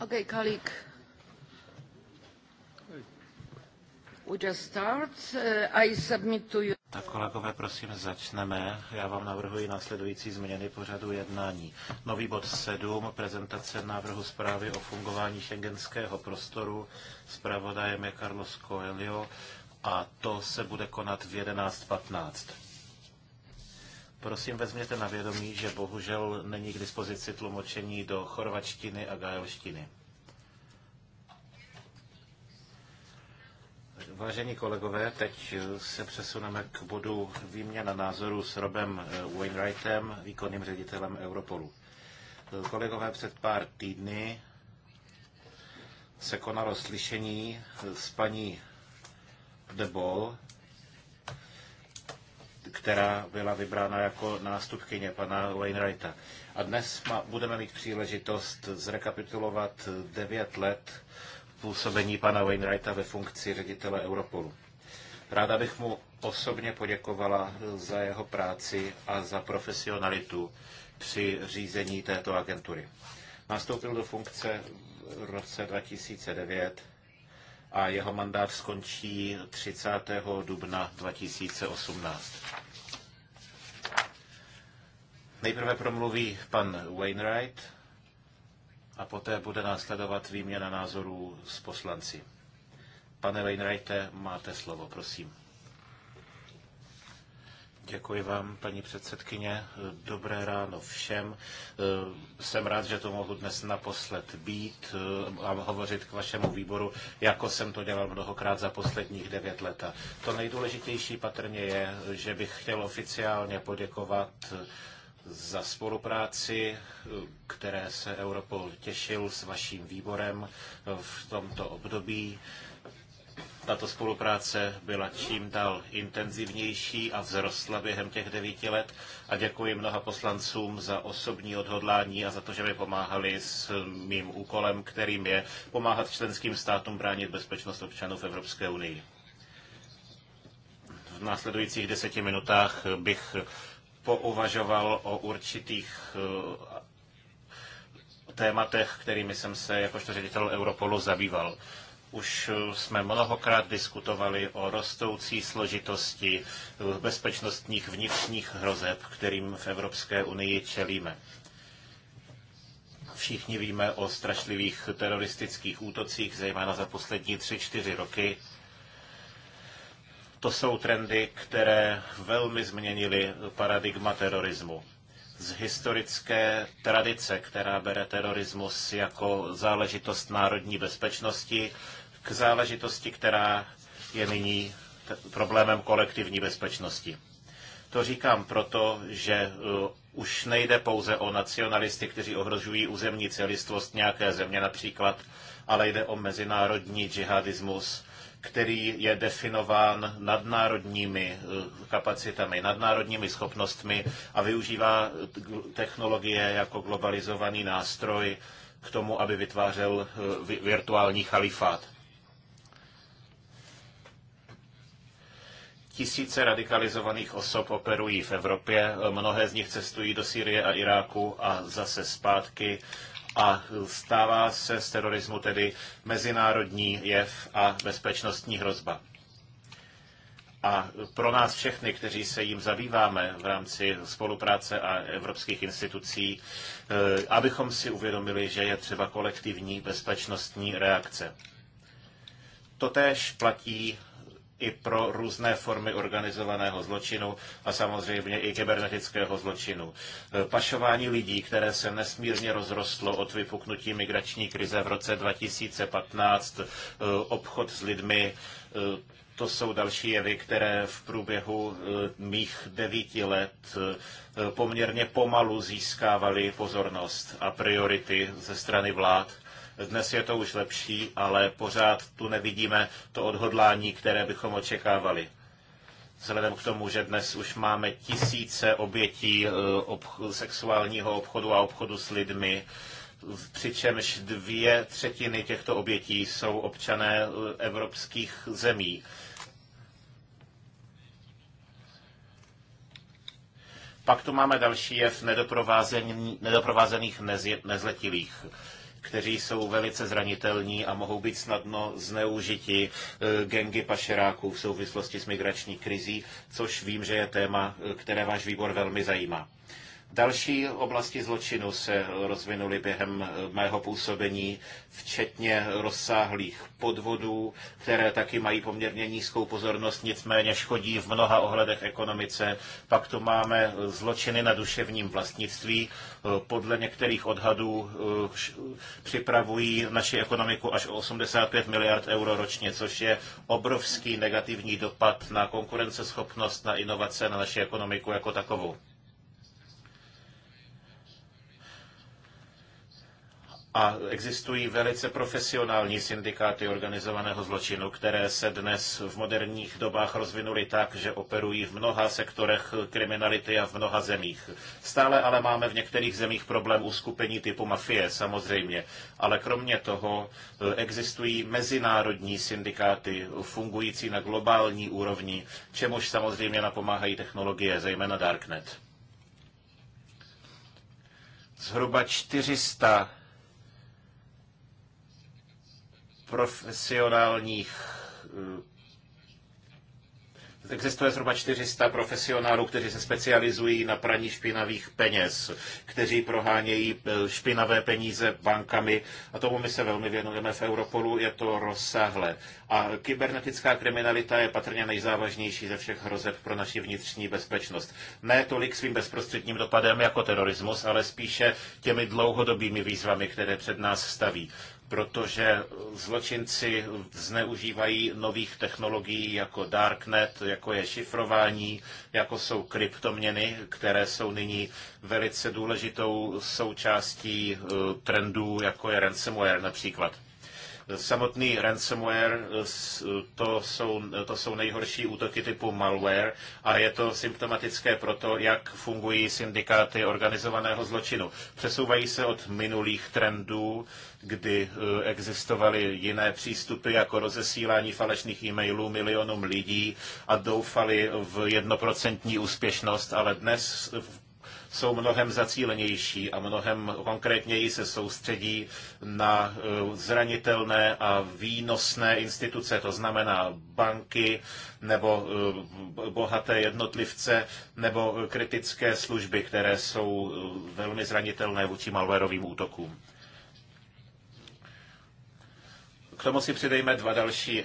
Okay, colleague. We just start. Uh, I submit to you. Tak kolegové, prosím, začneme. Já vám navrhuji následující změny pořadu jednání. Nový bod 7, prezentace návrhu zprávy o fungování šengenského prostoru. Zpravodajem je Carlos Coelho a to se bude konat v 11.15. Prosím, vezměte na vědomí, že bohužel není k dispozici tlumočení do chorvačtiny a gaelštiny. Vážení kolegové, teď se přesuneme k bodu výměna názoru s Robem eh, Wainwrightem, výkonným ředitelem Europolu. Kolegové, před pár týdny se konalo slyšení s paní Debol, která byla vybrána jako nástupkyně pana Wainwrighta. A dnes budeme mít příležitost zrekapitulovat devět let působení pana Wainwrighta ve funkci ředitele Europolu. Ráda bych mu osobně poděkovala za jeho práci a za profesionalitu při řízení této agentury. Nastoupil do funkce v roce 2009 a jeho mandát skončí 30. dubna 2018. Nejprve promluví pan Wainwright a poté bude následovat výměna názorů s poslanci. Pane Wainwrighte, máte slovo, prosím. Děkuji vám, paní předsedkyně. Dobré ráno všem. Jsem rád, že to mohu dnes naposled být eh, a hovořit k vašemu výboru, jako jsem to dělal mnohokrát za posledních devět let. To nejdůležitější patrně je, že bych chtěl oficiálně poděkovat eh, za spolupráci, eh, které se Europol těšil s vaším výborem v tomto období. Tato spolupráce byla čím dál intenzivnější a vzrostla během těch devíti let a děkuji mnoha poslancům za osobní odhodlání a za to, že mi pomáhali s mým úkolem, kterým je pomáhat členským státům bránit bezpečnost občanů v Evropské unii. V následujících deseti minutách bych pouvažoval o určitých eh, tématech, kterými jsem se jakožto ředitel Europolu zabýval. Už eh, jsme mnohokrát diskutovali o rostoucí složitosti eh, bezpečnostních vnitřních hrozeb, kterým v Evropské unii čelíme. Všichni víme o strašlivých teroristických útocích, zejména za poslední 3-4 roky. To jsou trendy, které velmi změnily paradigma terorismu z historické tradice, která bere terorismus jako záležitost národní bezpečnosti, k záležitosti, která je nyní problémem kolektivní bezpečnosti. To říkám proto, že uh, už nejde pouze o nacionalisty, kteří ohrožují územní celistvost nějaké země například, ale jde o mezinárodní džihadismus, který je definován nadnárodními uh, kapacitami, nadnárodními schopnostmi a využívá technologie jako globalizovaný nástroj k tomu, aby vytvářel uh, virtuální chalifát. Tisíce radikalizovaných osob operují v Evropě, mnohé z nich cestují do Sýrie a Iráku a zase zpátky a stává se z terorismu tedy mezinárodní jev a bezpečnostní hrozba. A pro nás všechny, kteří se jim zabýváme v rámci spolupráce a evropských institucí, eh, abychom si uvědomili, že je třeba kolektivní bezpečnostní reakce. Totéž platí i pro různé formy organizovaného zločinu a samozřejmě i kybernetického zločinu. E, pašování lidí, které se nesmírně rozrostlo od vypuknutí migrační krize v roce 2015, e, obchod s lidmi, e, to jsou další jevy, které v průběhu mých devíti let poměrně pomalu získávaly pozornost a priority ze strany vlád dnes je to už lepší, ale pořád tu nevidíme to odhodlání, které bychom očekávali. Vzhledem k tomu, že dnes už máme tisíce obětí eh, ob- sexuálního obchodu a obchodu s lidmi, přičemž dvě třetiny těchto obětí jsou občané eh, evropských zemí. Pak tu máme další jev nedoprovázených nezletilých kteří jsou velice zranitelní a mohou být snadno zneužiti eh, gengy pašeráků v souvislosti s migrační krizí, což vím, že je téma, eh, které váš výbor velmi zajímá. Další oblasti zločinu se rozvinuly během eh, mého působení, včetně rozsáhlých podvodů, které taky mají poměrně nízkou pozornost, nicméně škodí v mnoha ohledech ekonomice. Pak tu máme eh, zločiny na duševním vlastnictví. Eh, podle některých odhadů připravují naši ekonomiku až o 85 miliard euro ročně, což je obrovský negativní dopad na konkurenceschopnost, na inovace, na naši ekonomiku jako takovou. A existují velice profesionální syndikáty organizovaného zločinu, které se dnes v moderních dobách rozvinuly tak, že operují v mnoha sektorech kriminality a v mnoha zemích. Stále ale máme v některých zemích problém uskupení typu mafie, samozřejmě. Ale kromě toho eh, existují mezinárodní syndikáty fungující na globální úrovni, čemuž samozřejmě napomáhají technologie, zejména Darknet. Zhruba 400 profesionálních eh, Existuje zhruba 400 profesionálů, kteří se specializují na praní špinavých peněz, kteří prohánějí eh, špinavé peníze bankami a tomu my se velmi věnujeme v Europolu, je to rozsáhlé. A kybernetická kriminalita je patrně nejzávažnější ze všech hrozeb pro naši vnitřní bezpečnost. Ne tolik svým bezprostředním dopadem jako terorismus, ale spíše těmi dlouhodobými výzvami, které před nás staví protože zločinci zneužívají nových technologií jako Darknet, jako je šifrování, jako jsou kryptoměny, které jsou nyní velice důležitou součástí eh, trendů, jako je ransomware například. Samotný ransomware, eh, to jsou, to jsou nejhorší útoky typu malware a je to symptomatické pro to, jak fungují syndikáty organizovaného zločinu. Přesouvají se od minulých trendů, kdy eh, existovaly jiné přístupy, jako rozesílání falešných e-mailů milionům lidí a doufali v jednoprocentní úspěšnost, ale dnes jsou mnohem zacílenější a mnohem konkrétněji se soustředí na eh, zranitelné a výnosné instituce, to znamená banky nebo eh, bohaté jednotlivce nebo eh, kritické služby, které jsou velmi zranitelné vůči malwareovým útokům. K tomu si přidejme dva další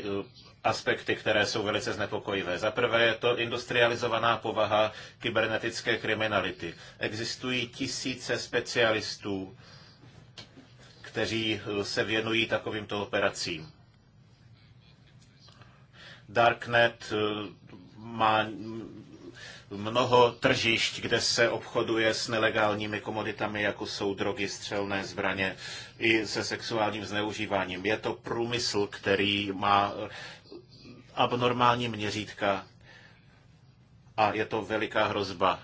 aspekty, které jsou velice znepokojivé. Za prvé je to industrializovaná povaha kybernetické kriminality. Existují tisíce specialistů, kteří eh, se věnují takovýmto operacím. Darknet eh, má mnoho tržišť, kde se obchoduje s nelegálními komoditami, jako jsou drogy, střelné zbraně i se sexuálním zneužíváním. Je to průmysl, který má abnormální měřítka a je to veliká hrozba.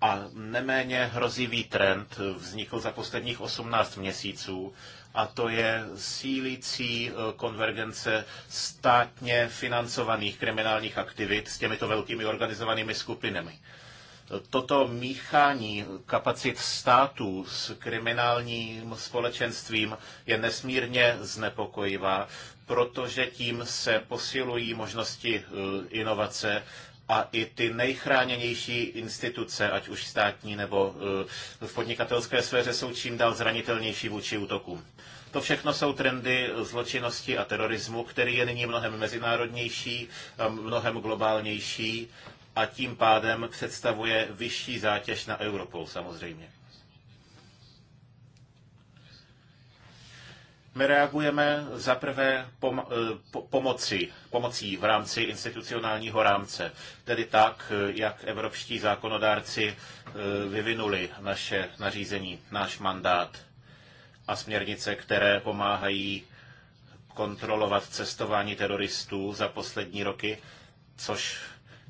A neméně hrozivý trend vznikl za posledních 18 měsíců, a to je sílící eh, konvergence státně financovaných kriminálních aktivit s těmito velkými organizovanými skupinami. Toto míchání kapacit států s kriminálním společenstvím je nesmírně znepokojivá, protože tím se posilují možnosti eh, inovace a i ty nejchráněnější instituce, ať už státní nebo eh, v podnikatelské sféře, jsou čím dál zranitelnější vůči útokům. To všechno jsou trendy zločinnosti a terorismu, který je nyní mnohem mezinárodnější, mnohem globálnější a tím pádem představuje vyšší zátěž na Europol samozřejmě. My reagujeme zaprvé pom- eh, pomoci, pomocí v rámci institucionálního rámce, tedy tak, eh, jak evropští zákonodárci eh, vyvinuli naše nařízení, náš mandát a směrnice, které pomáhají kontrolovat cestování teroristů za poslední roky, což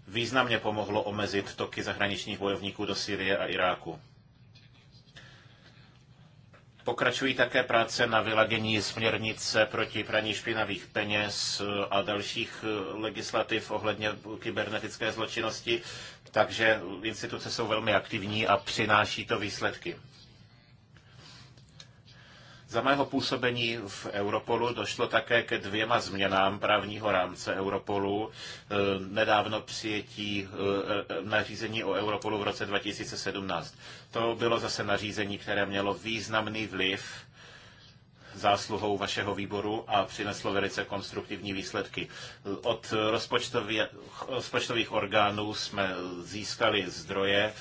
významně pomohlo omezit toky zahraničních bojovníků do Syrie a Iráku. Pokračují také práce na vyladění směrnice proti praní špinavých peněz a dalších eh, legislativ ohledně kybernetické zločinnosti, takže instituce jsou velmi aktivní a přináší to výsledky. Za mého působení v Europolu došlo také ke dvěma změnám právního rámce Europolu. E, nedávno přijetí e, e, nařízení o Europolu v roce 2017. To bylo zase nařízení, které mělo významný vliv zásluhou vašeho výboru a přineslo velice konstruktivní výsledky. Od rozpočtových orgánů jsme získali zdroje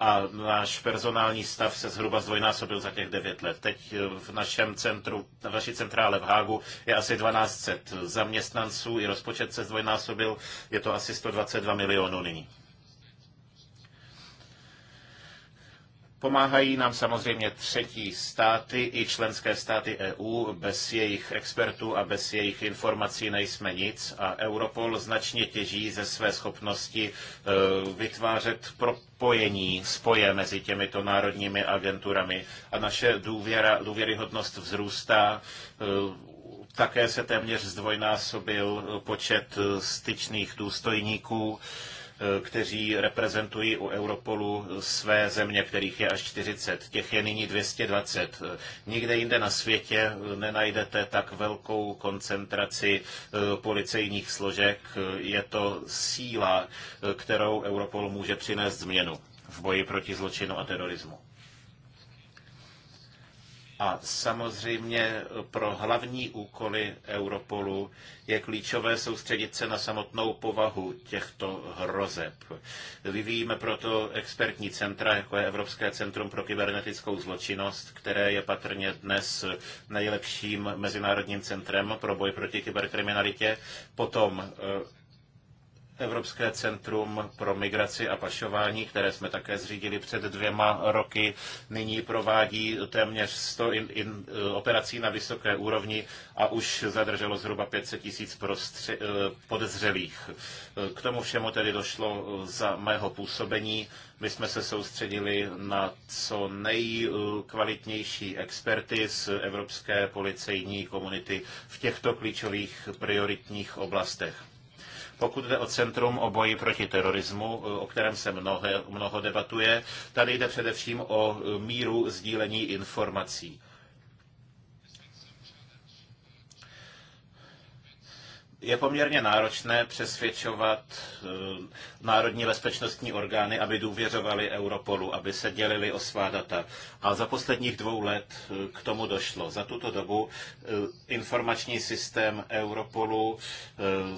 a náš personální stav se zhruba zdvojnásobil za těch devět let. Teď v našem centru, na vaší centrále v Hágu je asi 1200 zaměstnanců, i rozpočet se zdvojnásobil, je to asi 122 milionů nyní. Pomáhají nám samozřejmě třetí státy i členské státy EU. Bez jejich expertů a bez jejich informací nejsme nic a Europol značně těží ze své schopnosti e, vytvářet propojení, spoje mezi těmito národními agenturami a naše důvěra, důvěryhodnost vzrůstá. E, také se téměř zdvojnásobil počet styčných důstojníků Eh, kteří reprezentují u Europolu své země, kterých je až 40. Těch je nyní 220. Eh, nikde jinde na světě eh, nenajdete tak velkou koncentraci policejních složek. Je to síla, kterou Europol může přinést změnu v boji proti zločinu a terorismu. A samozřejmě pro hlavní úkoly Europolu je klíčové soustředit se na samotnou povahu těchto hrozeb. Vyvíjíme proto expertní centra, jako je Evropské centrum pro kybernetickou zločinnost, které je patrně dnes nejlepším mezinárodním centrem pro boj proti kyberkriminalitě. Potom eh, Evropské centrum pro migraci a pašování, které jsme také zřídili před dvěma roky, nyní provádí téměř 100 in, in, eh, operací na vysoké úrovni a už zadrželo zhruba 500 tisíc eh, podezřelých. Eh, k tomu všemu tedy došlo za mého působení. My jsme se soustředili na co nejkvalitnější experty z evropské policejní komunity v těchto klíčových prioritních oblastech. Pokud jde o Centrum o boji proti terorismu, eh, o kterém se mnoho, mnoho debatuje, tady jde především o eh, míru sdílení informací. je poměrně náročné přesvědčovat eh, národní bezpečnostní orgány, aby důvěřovali Europolu, aby se dělili o svá data. A za posledních dvou let eh, k tomu došlo. Za tuto dobu eh, informační systém Europolu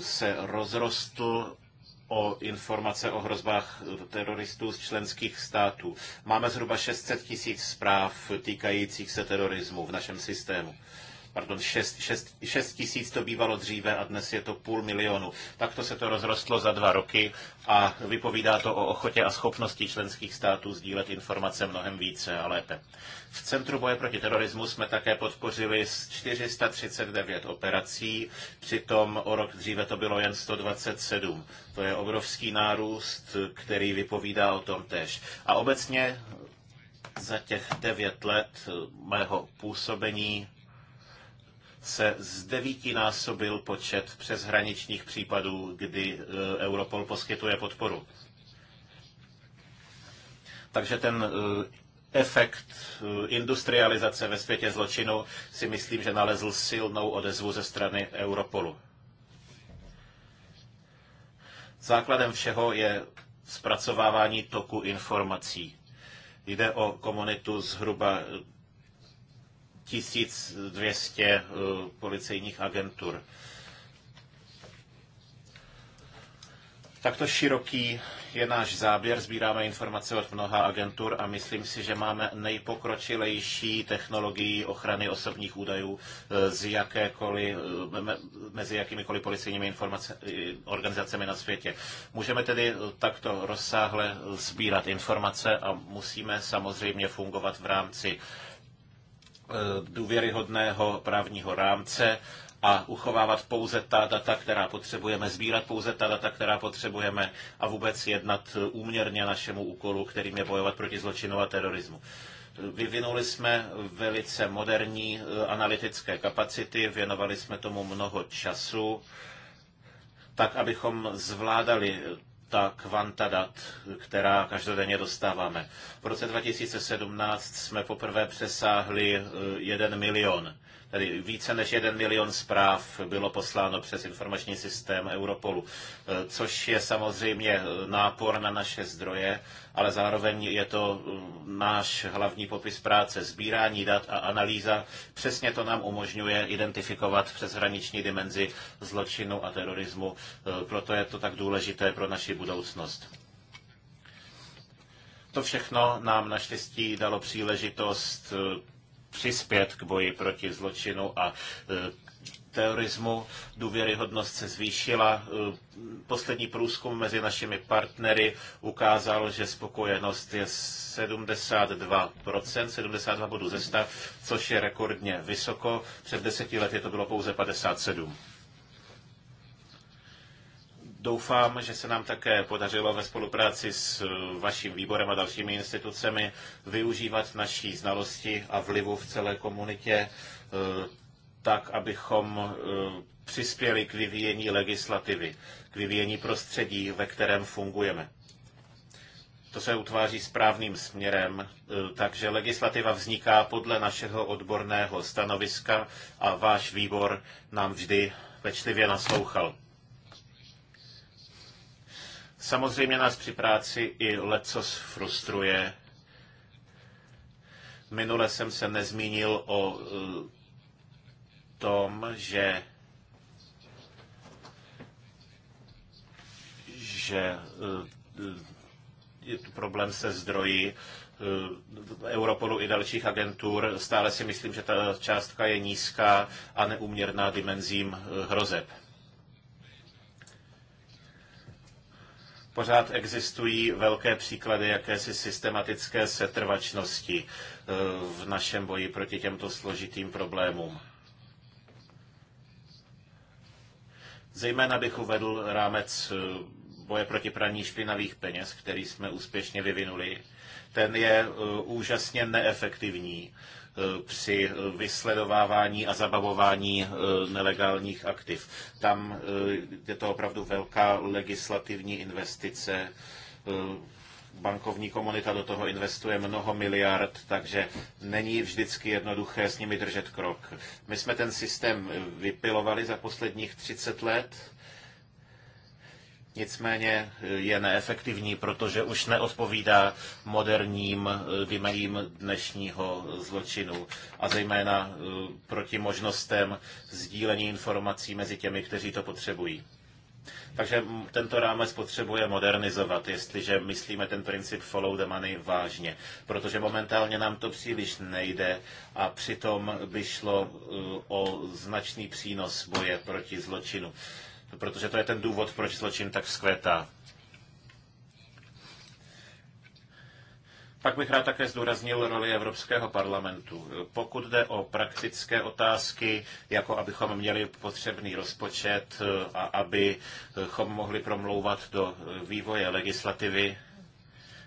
se rozrostl o informace o hrozbách teroristů z členských států. Máme zhruba 600 tisíc zpráv týkajících se terorismu v našem systému pardon, 6, 6, 6 tisíc to bývalo dříve a dnes je to půl milionu. Takto se to rozrostlo za dva roky a vypovídá to o ochotě a schopnosti členských států sdílet informace mnohem více a lépe. V Centru boje proti terorismu jsme také podpořili 439 operací, přitom o rok dříve to bylo jen 127. To je obrovský nárůst, který vypovídá o tom tež. A obecně za těch devět let mého působení se z počet přeshraničních případů, kdy e, Europol poskytuje podporu. Takže ten e, efekt e, industrializace ve světě zločinu si myslím, že nalezl silnou odezvu ze strany Europolu. Základem všeho je zpracovávání toku informací. Jde o komunitu zhruba 1200 eh, policejních agentur. Takto široký je náš záběr, sbíráme informace od mnoha agentur a myslím si, že máme nejpokročilejší technologii ochrany osobních údajů eh, z jakékoliv, eh, mezi jakýmikoliv policejními organizacemi na světě. Můžeme tedy takto rozsáhle sbírat informace a musíme samozřejmě fungovat v rámci Eh, důvěryhodného právního rámce a uchovávat pouze ta data, která potřebujeme, sbírat pouze ta data, která potřebujeme a vůbec jednat úměrně našemu úkolu, kterým je bojovat proti zločinu a terorismu. Vyvinuli jsme velice moderní eh, analytické kapacity, věnovali jsme tomu mnoho času, tak abychom zvládali ta kvanta dat, která každodenně dostáváme. V roce 2017 jsme poprvé přesáhli 1 eh, milion. Tedy více než jeden milion zpráv bylo posláno přes informační systém Europolu, eh, což je samozřejmě eh, nápor na naše zdroje, ale zároveň je to eh, náš hlavní popis práce, sbírání dat a analýza. Přesně to nám umožňuje identifikovat přeshraniční dimenzi zločinu a terorismu. Proto je to tak důležité pro naši budoucnost. To všechno nám naštěstí dalo příležitost přispět k boji proti zločinu a e, terorismu. Důvěryhodnost se zvýšila. E, poslední průzkum mezi našimi partnery ukázal, že spokojenost je 72%, 72 bodů ze 100, což je rekordně vysoko. Před deseti lety to bylo pouze 57%. Doufám, že se nám také podařilo ve spolupráci s eh, vaším výborem a dalšími institucemi využívat naší znalosti a vlivu v celé komunitě eh, tak, abychom eh, přispěli k vyvíjení legislativy, k vyvíjení prostředí, ve kterém fungujeme. To se utváří správným směrem, takže legislativa vzniká podle našeho odborného stanoviska a váš výbor nám vždy pečlivě naslouchal. Samozřejmě nás při práci i lecos frustruje. Minule jsem se nezmínil o e, tom, že že e, je tu problém se zdroji e, Europolu i dalších agentur. Stále si myslím, že ta částka je nízká a neuměrná dimenzím hrozeb. pořád existují velké příklady jakési systematické setrvačnosti eh, v našem boji proti těmto složitým problémům. Zejména bych uvedl rámec eh, boje proti praní špinavých peněz, který jsme úspěšně vyvinuli. Ten je eh, úžasně neefektivní Eh, při vysledovávání a zabavování eh, nelegálních aktiv. Tam eh, je to opravdu velká legislativní investice bankovní komunita do toho investuje mnoho miliard, takže není vždycky jednoduché s nimi držet krok. My jsme ten systém vypilovali za posledních 30 let nicméně eh, je neefektivní, protože už neodpovídá moderním eh, vymejím dnešního eh, zločinu a zejména proti možnostem sdílení informací mezi těmi, kteří to potřebují. Takže tento rámec potřebuje modernizovat, jestliže myslíme ten princip follow the money vážně, protože momentálně nám to příliš nejde a přitom by šlo o značný přínos boje proti zločinu protože to je ten důvod, proč zločin tak vzkvétá. Pak bych rád také zdůraznil roli Evropského parlamentu. Pokud jde o praktické otázky, jako abychom měli potřebný rozpočet a abychom mohli promlouvat do vývoje legislativy,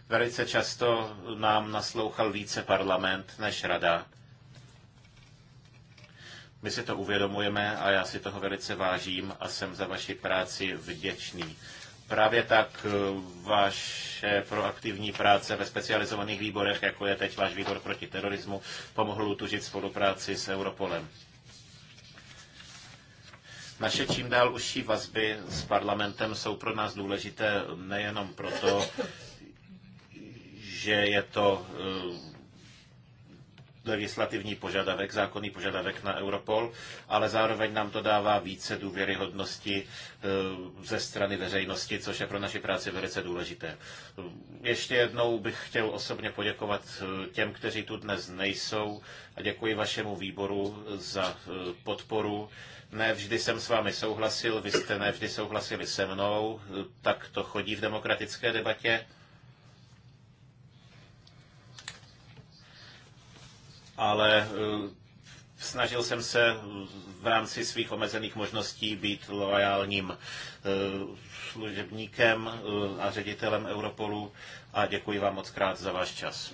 velice často nám naslouchal více parlament než rada. My si to uvědomujeme a já si toho velice vážím a jsem za vaši práci vděčný. Právě tak eh, vaše proaktivní práce ve specializovaných výborech, jako je teď váš výbor proti terorismu, pomohl utužit spolupráci s Europolem. Naše čím dál užší vazby s parlamentem jsou pro nás důležité nejenom proto, že je to eh, legislativní požadavek, zákonný požadavek na Europol, ale zároveň nám to dává více důvěryhodnosti eh, ze strany veřejnosti, což je pro naši práci velice důležité. Ještě jednou bych chtěl osobně poděkovat eh, těm, kteří tu dnes nejsou a děkuji vašemu výboru eh, za podporu. Ne vždy jsem s vámi souhlasil, vy jste ne vždy souhlasili se mnou, tak to chodí v demokratické debatě ale eh, snažil jsem se v rámci svých omezených možností být loajálním eh, služebníkem eh, a ředitelem Europolu a děkuji vám moc krát za váš čas.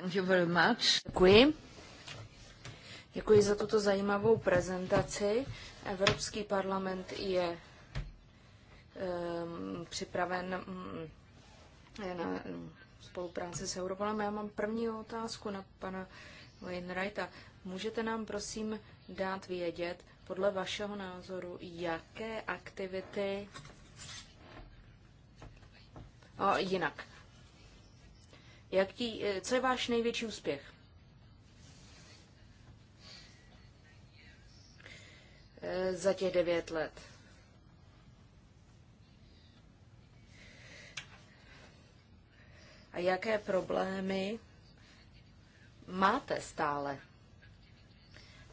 Thank you very much. Děkuji. Děkuji za tuto zajímavou prezentaci. Evropský parlament je um, připraven um, na um, spolupráci s Europolem. Já mám první otázku na pana uh, Wainwrighta. Můžete nám prosím dát vědět, podle vašeho názoru, jaké aktivity o, jinak? Jaký, co je váš největší úspěch? Eh, za těch devět let. A jaké problémy máte stále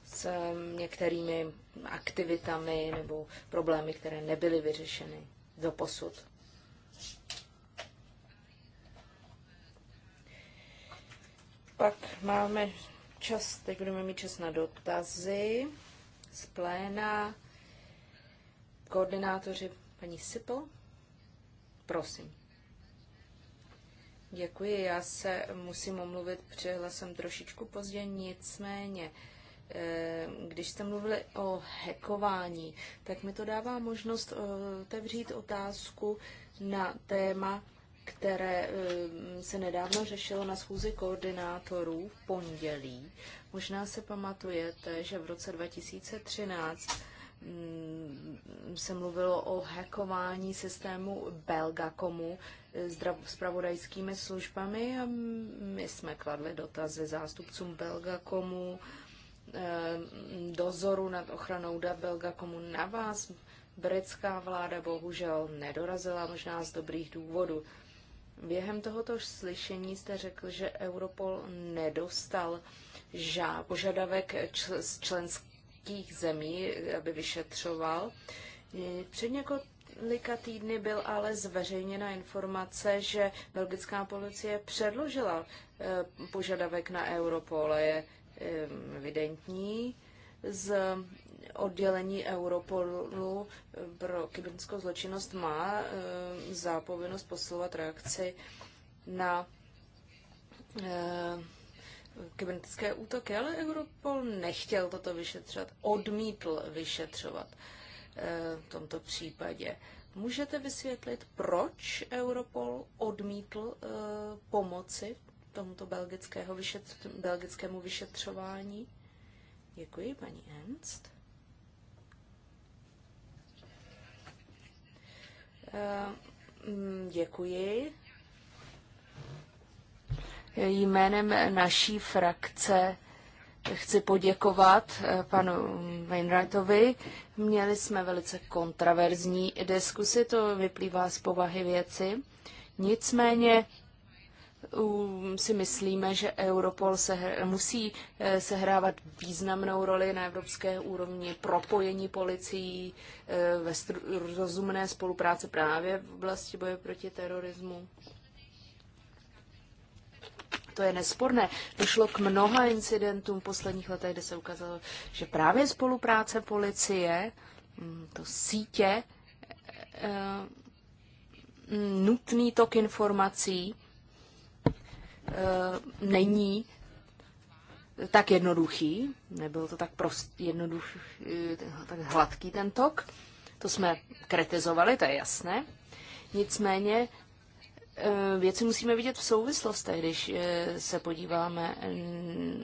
s um, některými aktivitami nebo problémy, které nebyly vyřešeny do posud. Pak máme čas, teď budeme mít čas na dotazy z pléna. Koordinátoři paní Sipl, prosím. Děkuji, já se musím omluvit, přihla jsem trošičku pozdě, nicméně, eh, když jste mluvili o hekování, tak mi to dává možnost eh, otevřít otázku na téma, které eh, se nedávno řešilo na schůzi koordinátorů v pondělí. Možná se pamatujete, že v roce 2013 Mm, se mluvilo o hackování systému Belgacomu s eh, spravodajskými službami. My jsme kladli dotazy zástupcům Belgacomu, eh, dozoru nad ochranou dat Belgacomu na vás. Britská vláda bohužel nedorazila možná z dobrých důvodů. Během tohoto slyšení jste řekl, že Europol nedostal požadavek čl- z členských třetích zemí, aby vyšetřoval. Před několika týdny byl ale zveřejněna informace, že belgická policie předložila eh, požadavek na Europol. Je eh, evidentní z oddělení Europolu eh, pro kybernetickou zločinnost má zápovinnost posilovat reakci na kybernetické útoky, ale Europol nechtěl toto vyšetřovat, odmítl vyšetřovat eh, v tomto případě. Můžete vysvětlit, proč Europol odmítl eh, pomoci tomuto belgického vyšetř, belgickému vyšetřování? Děkuji, paní Ernst. Eh, mm, děkuji. Jménem naší frakce chci poděkovat eh, panu Wainwrightovi. Měli jsme velice kontraverzní diskusy, to vyplývá z povahy věci. Nicméně si myslíme, že Europol se, musí eh, sehrávat významnou roli na evropské úrovni propojení policií eh, ve rozumné spolupráce právě v oblasti boje proti terorismu to je nesporné. Došlo k mnoha incidentům v posledních letech, kde se ukázalo, že právě spolupráce policie, mm, to sítě, e, mm, nutný tok informací e, není tak jednoduchý, nebyl to tak prost, jednoduchý, e, tak hladký ten tok. To jsme kritizovali, to je jasné. Nicméně Eh, věci musíme vidět v souvislostech, když eh, se podíváme,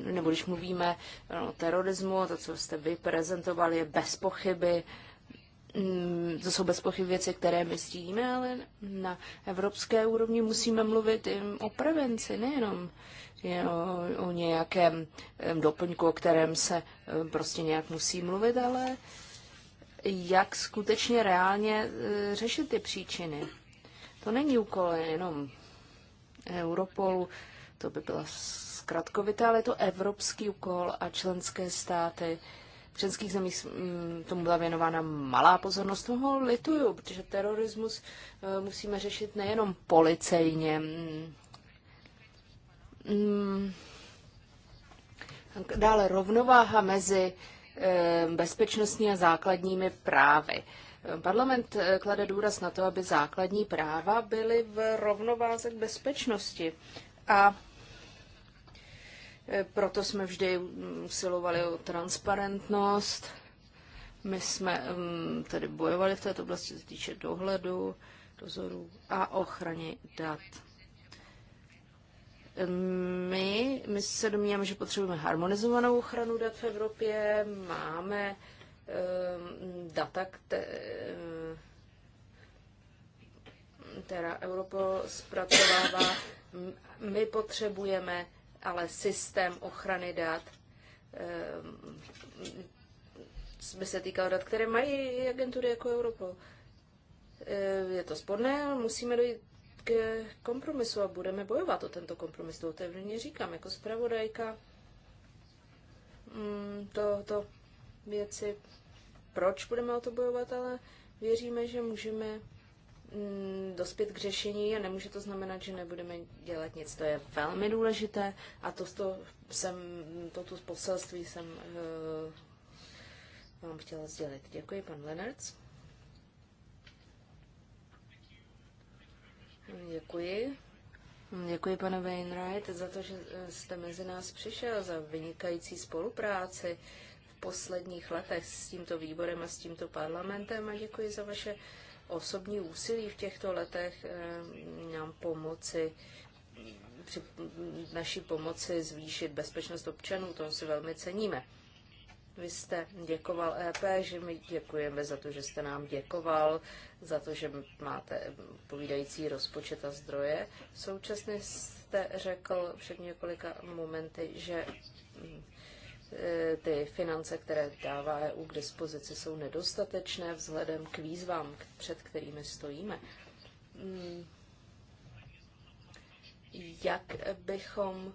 nebo když mluvíme no, o terorismu, to, co jste vy prezentovali, je bez pochyby, mm, to jsou bez pochyby věci, které my sdílíme, ale na evropské úrovni musíme mluvit i o prevenci, nejenom o, o nějakém doplňku, o kterém se prostě nějak musí mluvit, ale jak skutečně reálně eh, řešit ty příčiny. To není úkol jenom Europolu, to by byla zkratkovité, ale je to evropský úkol a členské státy. V členských zemích mm, tomu byla věnována malá pozornost. Toho lituju, protože terorismus eh, musíme řešit nejenom policejně. Mm. Mm. Dále rovnováha mezi eh, bezpečnostní a základními právy. Parlament eh, klade důraz na to, aby základní práva byly v rovnováze k bezpečnosti. A eh, proto jsme vždy mm, usilovali o transparentnost. My jsme mm, tedy bojovali v této oblasti, co se týče dohledu, dozoru a ochrany dat. My, my se domníváme, že potřebujeme harmonizovanou ochranu dat v Evropě, máme Ehm, data, která ehm, Europol zpracovává. My potřebujeme ale systém ochrany dat, ehm, by se týkal dat, které mají agentury jako Europol. Je to sporné, ale musíme dojít k kompromisu a budeme bojovat o tento kompromis. To otevřeně říkám jako zpravodajka. Mm, to, to věci proč budeme o to bojovat, ale věříme, že můžeme mm, dospět k řešení a nemůže to znamenat, že nebudeme dělat nic. To je velmi důležité a to, to jsem, to tu poselství jsem uh, vám chtěla sdělit. Děkuji, pan Lenarc. Děkuji. Děkuji, pane Wainwright, za to, že eh, jste mezi nás přišel, za vynikající spolupráci. Uh, posledních letech s tímto výborem a s tímto parlamentem a děkuji za vaše osobní úsilí v těchto letech eh, nám pomoci při naší pomoci zvýšit bezpečnost občanů, to si velmi ceníme. Vy jste děkoval EP, že my děkujeme za to, že jste nám děkoval, za to, že máte povídající rozpočet a zdroje. Současně jste řekl před několika momenty, že Eh, ty finance, které dává EU k dispozici, jsou nedostatečné vzhledem k výzvám, před kterými stojíme. Hmm. Jak bychom,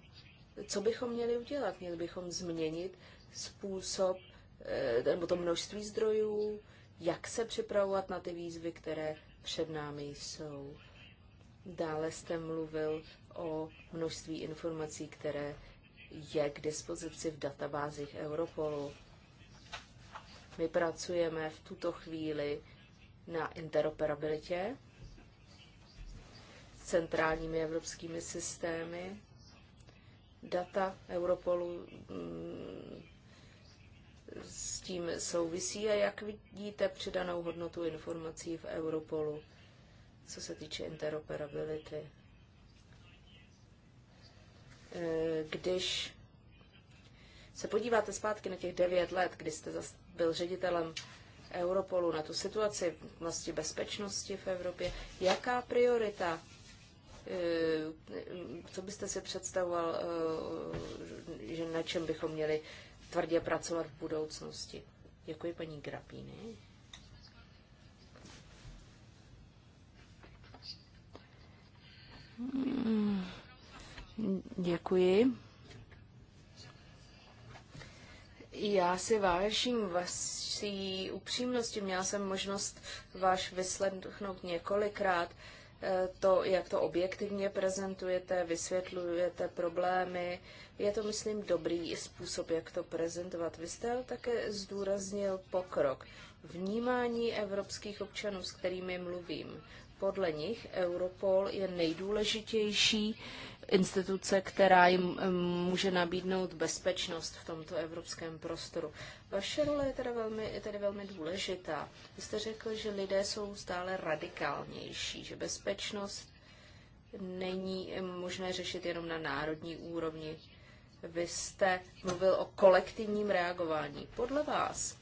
co bychom měli udělat? Měli bychom změnit způsob eh, nebo to množství zdrojů, jak se připravovat na ty výzvy, které před námi jsou. Dále jste mluvil o množství informací, které je k dispozici v databázích Europolu. My pracujeme v tuto chvíli na interoperabilitě s centrálními evropskými systémy. Data Europolu mm, s tím souvisí a jak vidíte přidanou hodnotu informací v Europolu, co se týče interoperability. Eh, když se podíváte zpátky na těch devět let, kdy jste byl ředitelem Europolu, na tu situaci vlastně bezpečnosti v Evropě, jaká priorita, eh, co byste si představoval, eh, že na čem bychom měli tvrdě pracovat v budoucnosti? Děkuji paní Grapíny. Hmm. Děkuji. Já si vážím vaší upřímnosti. Měla jsem možnost váš vyslechnout několikrát. Eh, to, jak to objektivně prezentujete, vysvětlujete problémy, je to, myslím, dobrý způsob, jak to prezentovat. Vy jste také zdůraznil pokrok. Vnímání evropských občanů, s kterými mluvím. Podle nich Europol je nejdůležitější instituce, která jim může nabídnout bezpečnost v tomto evropském prostoru. Vaše role je tedy velmi, je tedy velmi důležitá. Vy jste řekl, že lidé jsou stále radikálnější, že bezpečnost není možné řešit jenom na národní úrovni. Vy jste mluvil o kolektivním reagování. Podle vás,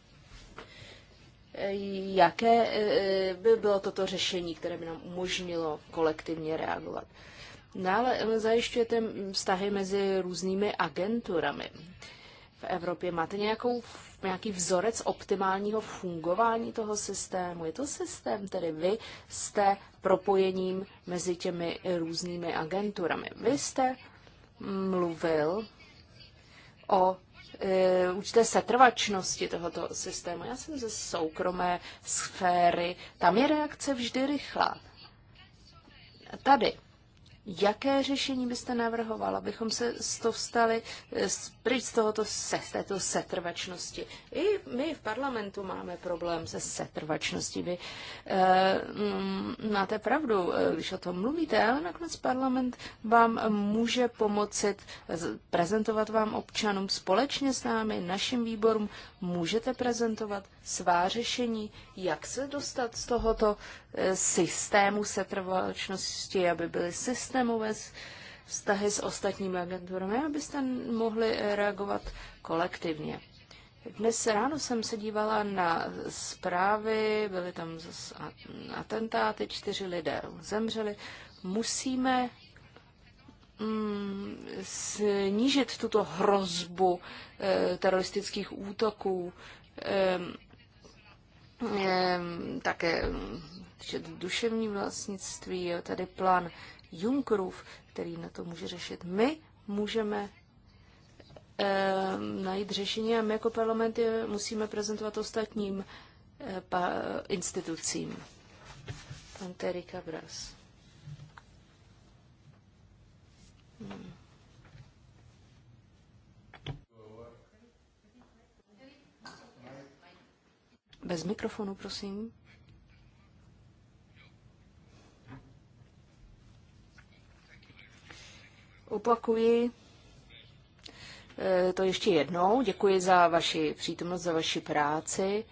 e, jaké e, e, by bylo toto řešení, které by nám umožnilo kolektivně reagovat? Dále zajišťujete vztahy mezi různými agenturami v Evropě. Máte nějakou, nějaký vzorec optimálního fungování toho systému? Je to systém, tedy vy jste propojením mezi těmi různými agenturami. Vy jste mluvil o e, určité setrvačnosti tohoto systému. Já jsem ze soukromé sféry, tam je reakce vždy rychlá. Tady Jaké řešení byste navrhoval, abychom se z toho vstali eh, pryč z, tohoto, se, z této setrvačnosti? I my v parlamentu máme problém se setrvačností. Vy e, máte pravdu, eh, když o tom mluvíte, ale nakonec parlament vám může pomoci prezentovat vám občanům společně s námi, našim výborům, můžete prezentovat svá řešení, jak se dostat z tohoto eh, systému setrvačnosti, aby byly systémové vztahy s ostatními agenturami, abyste mohli eh, reagovat kolektivně. Dnes ráno jsem se dívala na zprávy, byly tam atentáty, čtyři lidé zemřeli. Musíme mm, snížit tuto hrozbu eh, teroristických útoků, Mm, také mm, duševní vlastnictví, je tady plán Junckerův, který na to může řešit. My můžeme e, najít řešení a my jako parlament je musíme prezentovat ostatním e, pa, institucím. Pan Terry Cabras. Hmm. Bez mikrofonu, prosím. Opakuji eh, to ještě jednou. Děkuji za vaši přítomnost, za vaši práci.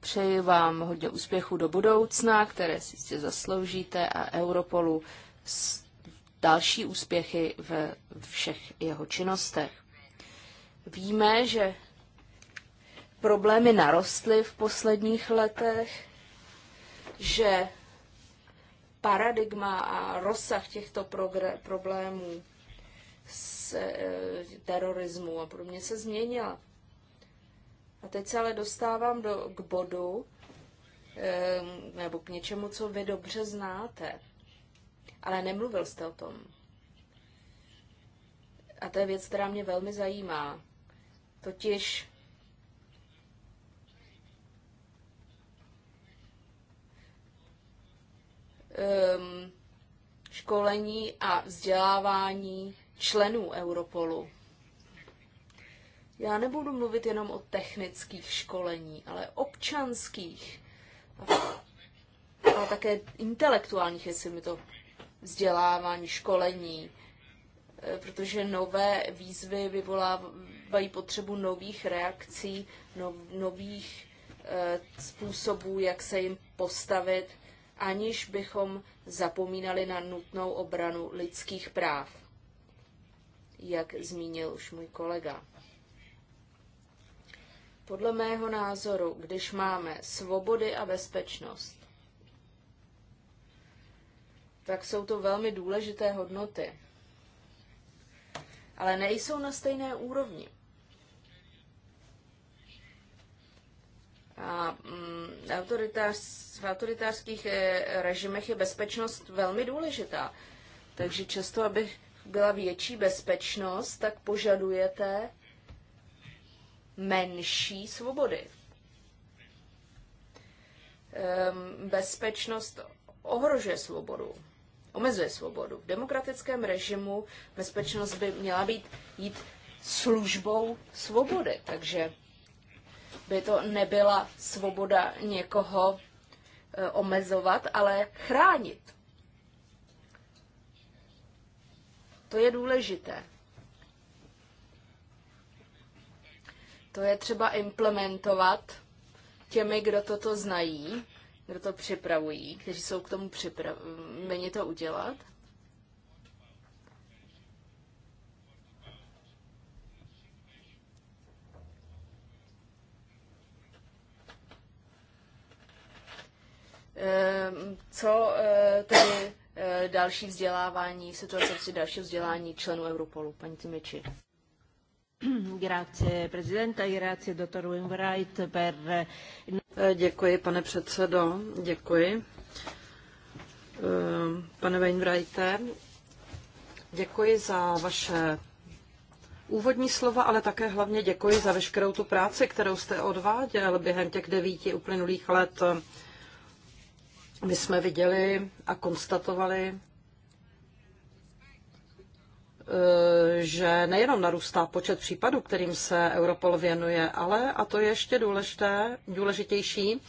Přeji vám hodně úspěchů do budoucna, které si jistě zasloužíte a Europolu další úspěchy ve všech jeho činnostech. Víme, že problémy narostly v posledních letech, že paradigma a rozsah těchto problémů e, terorismu a podobně se změnila. A teď se ale dostávám do, k bodu, e, nebo k něčemu, co vy dobře znáte. Ale nemluvil jste o tom. A to je věc, která mě velmi zajímá. Totiž um, školení a vzdělávání členů Europolu. Já nebudu mluvit jenom o technických školení, ale občanských a také intelektuálních, jestli mi to vzdělávání, školení, eh, protože nové výzvy vyvolávají potřebu nových reakcí, nových eh, způsobů, jak se jim postavit aniž bychom zapomínali na nutnou obranu lidských práv, jak zmínil už můj kolega. Podle mého názoru, když máme svobody a bezpečnost, tak jsou to velmi důležité hodnoty. Ale nejsou na stejné úrovni. A mm, v autoritářských eh, režimech je bezpečnost velmi důležitá. Takže často, aby byla větší bezpečnost, tak požadujete menší svobody. Ehm, bezpečnost ohrožuje svobodu, omezuje svobodu. V demokratickém režimu bezpečnost by měla být jít službou svobody. Takže by to nebyla svoboda někoho e, omezovat, ale chránit. To je důležité. To je třeba implementovat těmi, kdo toto znají, kdo to připravují, kteří jsou k tomu připraveni to udělat. Co eh, tedy eh, další vzdělávání, situace při dalšího vzdělání členů Europolu? Paní Timiči. Eh, děkuji, pane předsedo, děkuji. Pane Wainwrighte, děkuji za vaše úvodní slova, ale také hlavně děkuji za veškerou tu práci, kterou jste odváděl během těch devíti uplynulých let. My jsme viděli a konstatovali, e, že nejenom narůstá počet případů, kterým se Europol věnuje, ale, a to je ještě důležité, důležitější,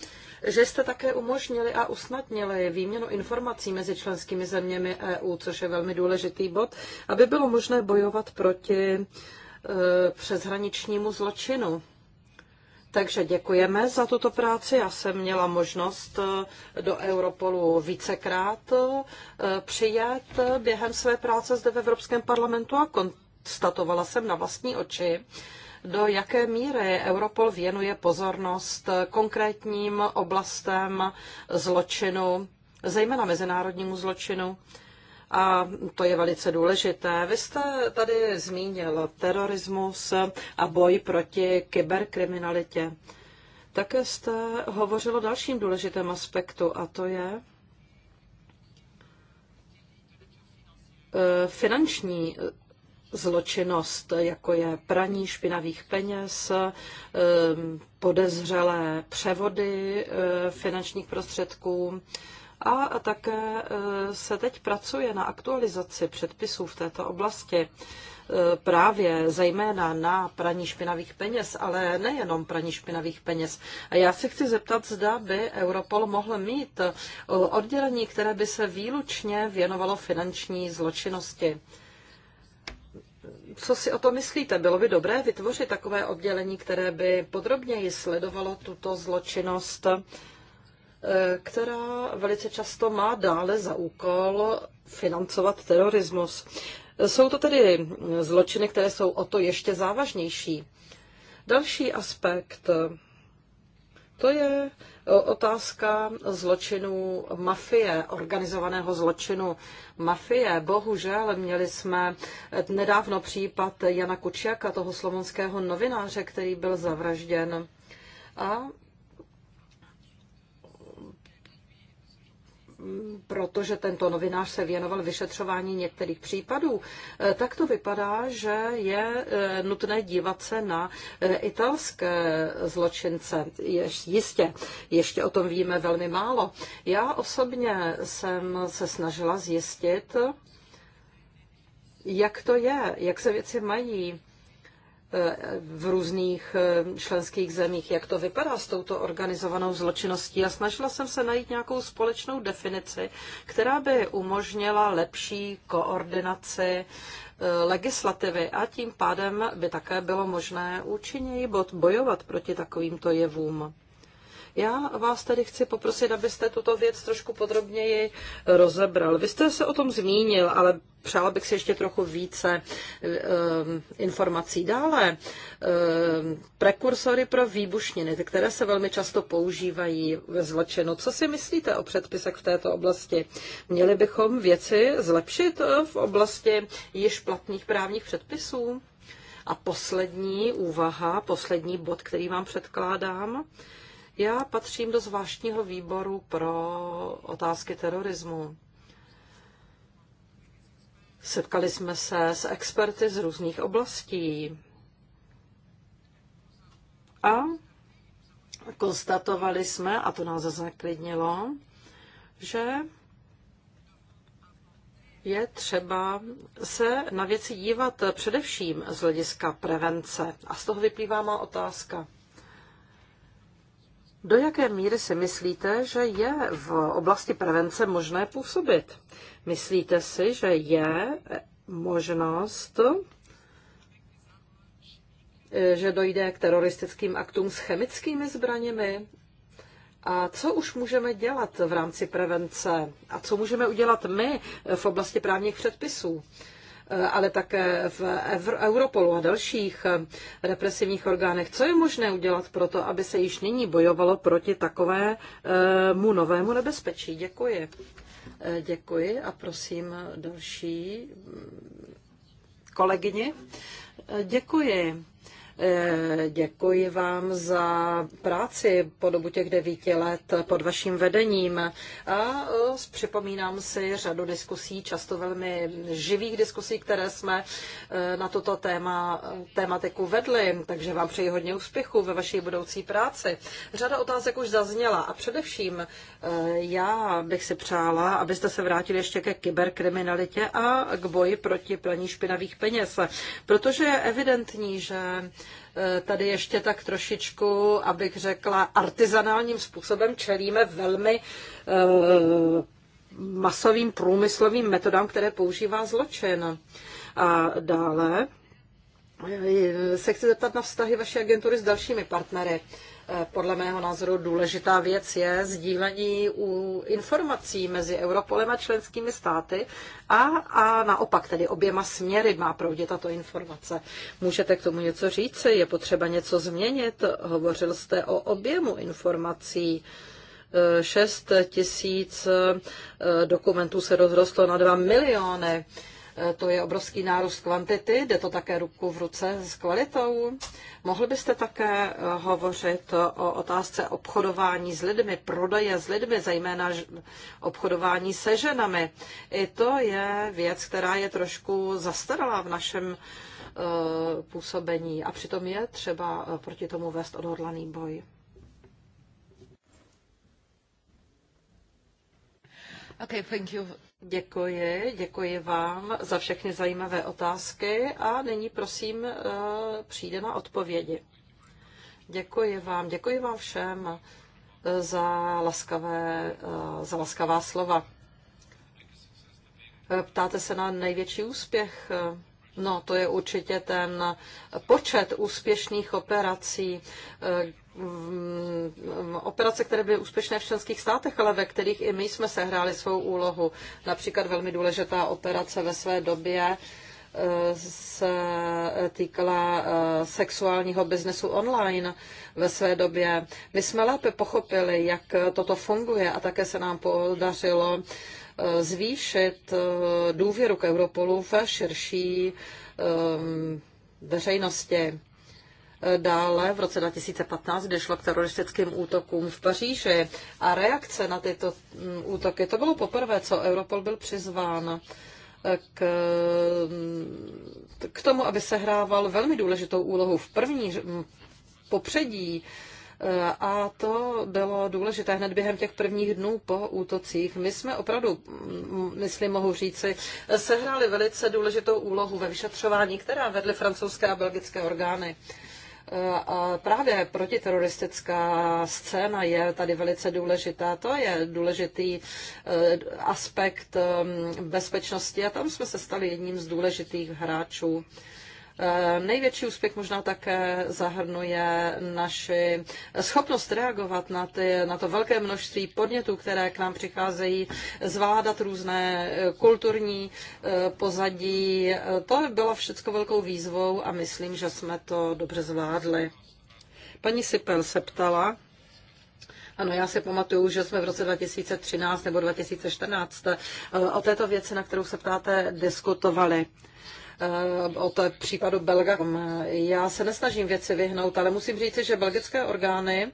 že jste také umožnili a usnadnili výměnu informací mezi členskými zeměmi EU, což je velmi důležitý bod, aby bylo možné bojovat proti e, přeshraničnímu zločinu. Takže děkujeme za tuto práci. Já jsem měla možnost eh, do Europolu vícekrát eh, přijet eh, během své práce zde v Evropském parlamentu a konstatovala jsem na vlastní oči, do jaké míry Europol věnuje pozornost konkrétním oblastem zločinu, zejména mezinárodnímu zločinu a to je velice důležité. Vy jste tady zmínil terorismus a boj proti kyberkriminalitě. Také jste hovořil o dalším důležitém aspektu a to je eh, finanční zločinnost, jako je praní špinavých peněz, eh, podezřelé převody eh, finančních prostředků, a také eh, se teď pracuje na aktualizaci předpisů v této oblasti eh, právě zejména na praní špinavých peněz, ale nejenom praní špinavých peněz. A já se chci zeptat, zda by Europol mohl mít eh, oddělení, které by se výlučně věnovalo finanční zločinnosti. Co si o to myslíte? Bylo by dobré vytvořit takové oddělení, které by podrobněji sledovalo tuto zločinnost? E, která velice často má dále za úkol financovat terorismus. Jsou to tedy zločiny, které jsou o to ještě závažnější. Další aspekt, to je otázka zločinů mafie, organizovaného zločinu mafie. Bohužel měli jsme nedávno případ Jana Kučiaka, toho slovenského novináře, který byl zavražděn. A protože tento novinář se věnoval vyšetřování některých případů, eh, tak to vypadá, že je eh, nutné dívat se na eh, italské zločince. Jistě, ještě o tom víme velmi málo. Já osobně jsem se snažila zjistit, jak to je, jak se věci mají v různých eh, členských zemích, jak to vypadá s touto organizovanou zločinností a snažila jsem se najít nějakou společnou definici, která by umožnila lepší koordinaci eh, legislativy a tím pádem by také bylo možné účinněji bojovat proti takovýmto jevům. Já vás tedy chci poprosit, abyste tuto věc trošku podrobněji rozebral. Vy jste se o tom zmínil, ale přála bych si ještě trochu více um, informací. Dále um, prekursory pro výbušniny, ty, které se velmi často používají ve zločinu. Co si myslíte o předpisech v této oblasti? Měli bychom věci zlepšit eh, v oblasti již platných právních předpisů? A poslední úvaha, poslední bod, který vám předkládám, já patřím do zvláštního výboru pro otázky terorismu. Setkali jsme se s experty z různých oblastí a konstatovali jsme, a to nás zaklidnilo, že je třeba se na věci dívat především z hlediska prevence. A z toho vyplývá má otázka. Do jaké míry si myslíte, že je v oblasti prevence možné působit? Myslíte si, že je možnost, že dojde k teroristickým aktům s chemickými zbraněmi? A co už můžeme dělat v rámci prevence? A co můžeme udělat my v oblasti právních předpisů? Eh, ale také v Europolu a dalších eh, represivních orgánech. Co je možné udělat pro to, aby se již nyní bojovalo proti takovému eh, novému nebezpečí? Děkuji. Děkuji a prosím další mm, kolegyni. Děkuji. Eh, děkuji vám za práci po dobu těch devíti let pod vaším vedením a eh, připomínám si řadu diskusí, často velmi živých diskusí, které jsme eh, na toto téma, tématiku vedli, takže vám přeji hodně úspěchu ve vaší budoucí práci. Řada otázek už zazněla a především já bych si přála, abyste se vrátili ještě ke kyberkriminalitě a k boji proti praní špinavých peněz, protože je evidentní, že Eh, tady ještě tak trošičku, abych řekla, artizanálním způsobem čelíme velmi eh, masovým průmyslovým metodám, které používá zločin. A dále eh, se chci zeptat na vztahy vaší agentury s dalšími partnery podle mého názoru důležitá věc je sdílení u informací mezi Europolem a členskými státy a, a naopak tedy oběma směry má proudit tato informace. Můžete k tomu něco říct? Je potřeba něco změnit? Hovořil jste o objemu informací. 6 tisíc eh, dokumentů se rozrostlo na 2 miliony. To je obrovský nárůst kvantity, jde to také ruku v ruce s kvalitou. Mohli byste také eh, hovořit o otázce obchodování s lidmi, prodeje s lidmi, zejména obchodování se ženami. I to je věc, která je trošku zastaralá v našem eh, působení a přitom je třeba eh, proti tomu vést odhodlaný boj. Okay, thank you. Děkuji, děkuji vám za všechny zajímavé otázky a nyní prosím eh, přijde na odpovědi. Děkuji vám, děkuji vám všem eh, za, laskavé, eh, za laskavá slova. Ptáte se na největší úspěch. No, to je určitě ten počet úspěšných operací, Mm, operace, které byly úspěšné v členských státech, ale ve kterých i my jsme sehráli svou úlohu. Například velmi důležitá operace ve své době eh, se týkala eh, sexuálního biznesu online ve své době. My jsme lépe pochopili, jak toto funguje a také se nám podařilo eh, zvýšit důvěru k Europolu ve širší veřejnosti. Dále v roce 2015 došlo k teroristickým útokům v Paříži a reakce na tyto mm, útoky, to bylo poprvé, co Europol byl přizván eh, k, k tomu, aby se hrával velmi důležitou úlohu v první popředí eh, a to bylo důležité hned během těch prvních dnů po útocích. My jsme opravdu, myslím, mohu říci, sehráli velice důležitou úlohu ve vyšetřování, která vedly francouzské a belgické orgány. A právě protiteroristická scéna je tady velice důležitá. To je důležitý eh, aspekt eh, bezpečnosti a tam jsme se stali jedním z důležitých hráčů. Eh, největší úspěch možná také zahrnuje naši schopnost reagovat na, ty, na to velké množství podnětů, které k nám přicházejí, zvládat různé eh, kulturní eh, pozadí. To bylo všechno velkou výzvou a myslím, že jsme to dobře zvládli. Paní Sipel se ptala, ano, já si pamatuju, že jsme v roce 2013 nebo 2014 o této věci, na kterou se ptáte, diskutovali. Eh, od případu Belga. Já se nesnažím věci vyhnout, ale musím říct, že belgické orgány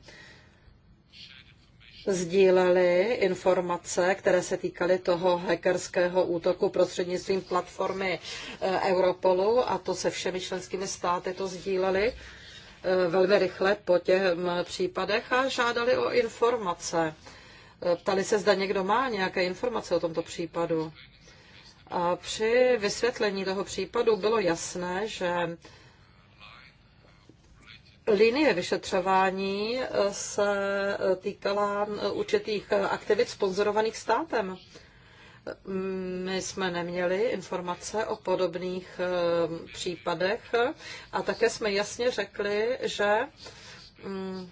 sdílely informace, které se týkaly toho hackerského útoku prostřednictvím platformy eh, Europolu a to se všemi členskými státy to sdíleli eh, velmi rychle po těch případech a žádali o informace. Ptali se, zda někdo má nějaké informace o tomto případu. A při vysvětlení toho případu bylo jasné, že linie vyšetřování se týkala určitých aktivit sponzorovaných státem. My jsme neměli informace o podobných eh, případech a také jsme jasně řekli, že mm,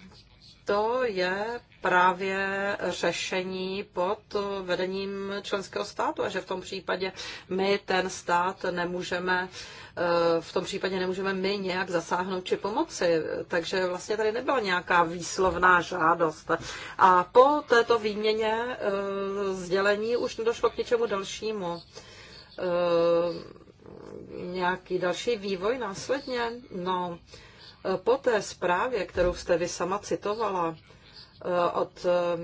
to je právě řešení pod vedením členského státu a že v tom případě my ten stát nemůžeme, eh, v tom případě nemůžeme my nějak zasáhnout či pomoci. Takže vlastně tady nebyla nějaká výslovná žádost. A po této výměně eh, sdělení už nedošlo k něčemu dalšímu eh, nějaký další vývoj následně? No, po té zprávě, kterou jste vy sama citovala, Eh, od eh,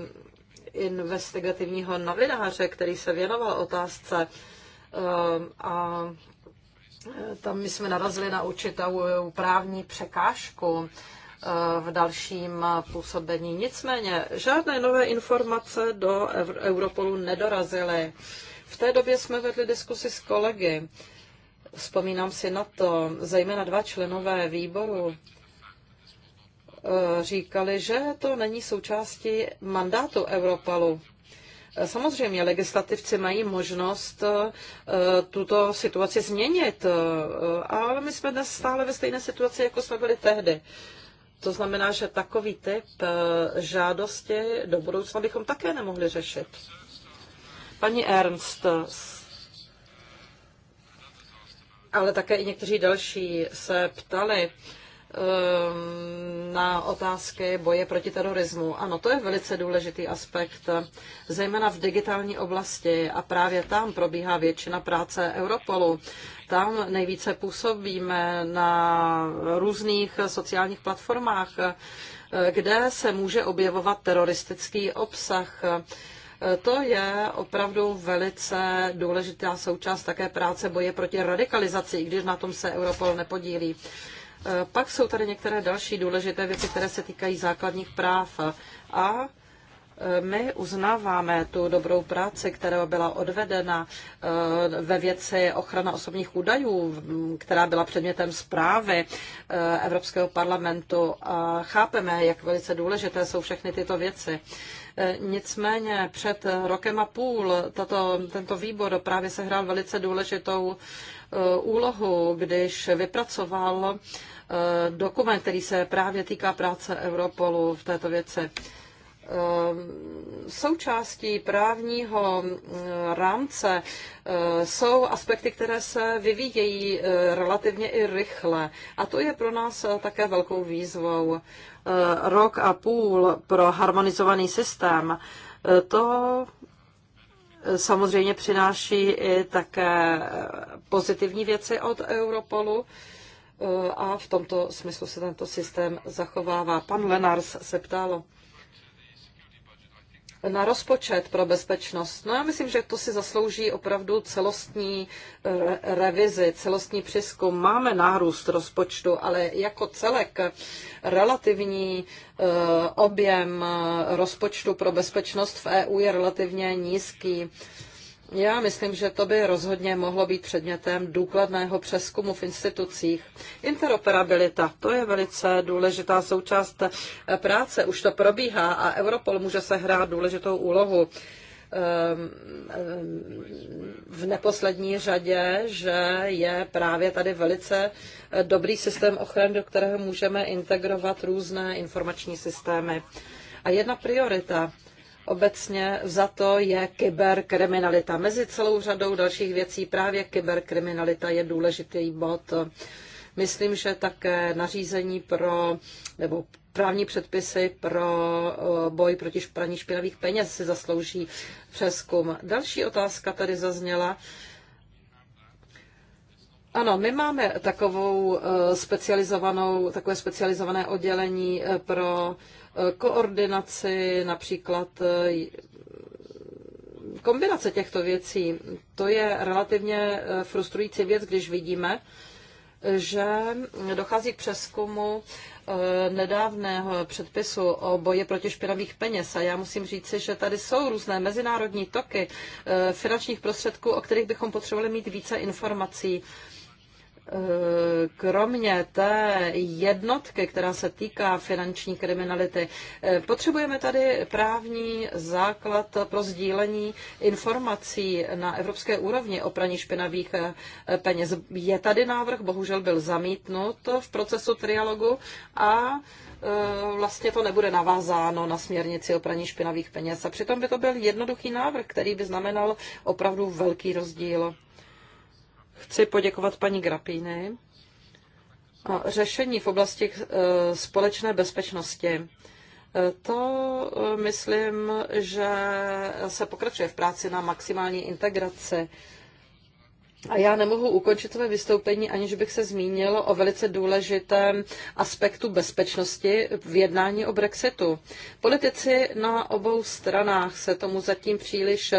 investigativního novináře, který se věnoval otázce eh, a tam my jsme narazili na určitou právní překážku v dalším působení. Nicméně žádné nové informace do Europolu nedorazily. V té době jsme vedli diskusi s kolegy. Vzpomínám si na to, zejména dva členové výboru Eh, říkali, že to není součástí mandátu Europalu. Eh, samozřejmě legislativci mají možnost eh, tuto situaci změnit, ale my jsme dnes stále ve stejné situaci, jako jsme byli tehdy. To znamená, že takový typ žádosti do budoucna bychom také nemohli řešit. Paní Ernst, ale také i někteří další se ptali Ehm, na otázky boje proti terorismu. Ano, to je velice důležitý aspekt, zejména v digitální oblasti a právě tam probíhá většina práce Europolu. Tam nejvíce působíme na různých sociálních platformách, kde se může objevovat teroristický obsah. To je opravdu velice důležitá součást také práce boje proti radikalizaci, i když na tom se Europol nepodílí. Eh, pak jsou tady některé další důležité věci, které se týkají základních práv a eh, my uznáváme tu dobrou práci, která byla odvedena eh, ve věci ochrana osobních údajů, mm, která byla předmětem zprávy Evropského parlamentu. A chápeme, jak velice důležité jsou všechny tyto věci. Nicméně před rokem a půl tato, tento výbor právě sehrál velice důležitou úlohu, když vypracoval Eh, dokument, který se právě týká práce Europolu v této věci. Eh, součástí právního eh, rámce jsou aspekty, které se vyvíjejí relativně i rychle. A to je pro nás také velkou výzvou. Rok a půl pro harmonizovaný systém, to samozřejmě přináší i také pozitivní věci od Europolu a v tomto smyslu se tento systém zachovává. Pan Lenars se ptalo na rozpočet pro bezpečnost. No já myslím, že to si zaslouží opravdu celostní re- eh, revizi, celostní přeskum. Máme nárůst rozpočtu, ale jako celek relativní eh, objem eh, rozpočtu pro bezpečnost v EU je relativně nízký. Já myslím, že to by rozhodně mohlo být předmětem důkladného přeskumu v institucích. Interoperabilita, to je velice důležitá součást práce, už to probíhá a Europol může se hrát důležitou úlohu ehm, ehm, v neposlední řadě, že je právě tady velice dobrý systém ochrany, do kterého můžeme integrovat různé informační systémy. A jedna priorita obecně za to je kyberkriminalita. Mezi celou řadou dalších věcí právě kyberkriminalita je důležitý bod. Myslím, že také nařízení pro, nebo právní předpisy pro eh, boj proti praní špinavých peněz si zaslouží přeskum. Další otázka tady zazněla. Ano, my máme takovou eh, specializovanou, takové specializované oddělení eh, pro koordinaci, například e, kombinace těchto věcí. To je relativně e, frustrující věc, když vidíme, že dochází k přeskumu e, nedávného předpisu o boji proti špinavých peněz. A já musím říci, že tady jsou různé mezinárodní toky finančních prostředků, o kterých bychom potřebovali mít více informací kromě té jednotky, která se týká finanční kriminality, eh, potřebujeme tady právní základ pro sdílení informací na evropské úrovni o praní špinavých eh, peněz. Je tady návrh, bohužel byl zamítnut v procesu trialogu a eh, vlastně to nebude navázáno na směrnici o praní špinavých peněz. A přitom by to byl jednoduchý návrh, který by znamenal opravdu velký rozdíl. Chci poděkovat paní Grapíny. Řešení v oblasti eh, společné bezpečnosti. Eh, to eh, myslím, že se pokračuje v práci na maximální integraci. A já nemohu ukončit své vystoupení, aniž bych se zmínil o velice důležitém aspektu bezpečnosti v jednání o Brexitu. Politici na obou stranách se tomu zatím příliš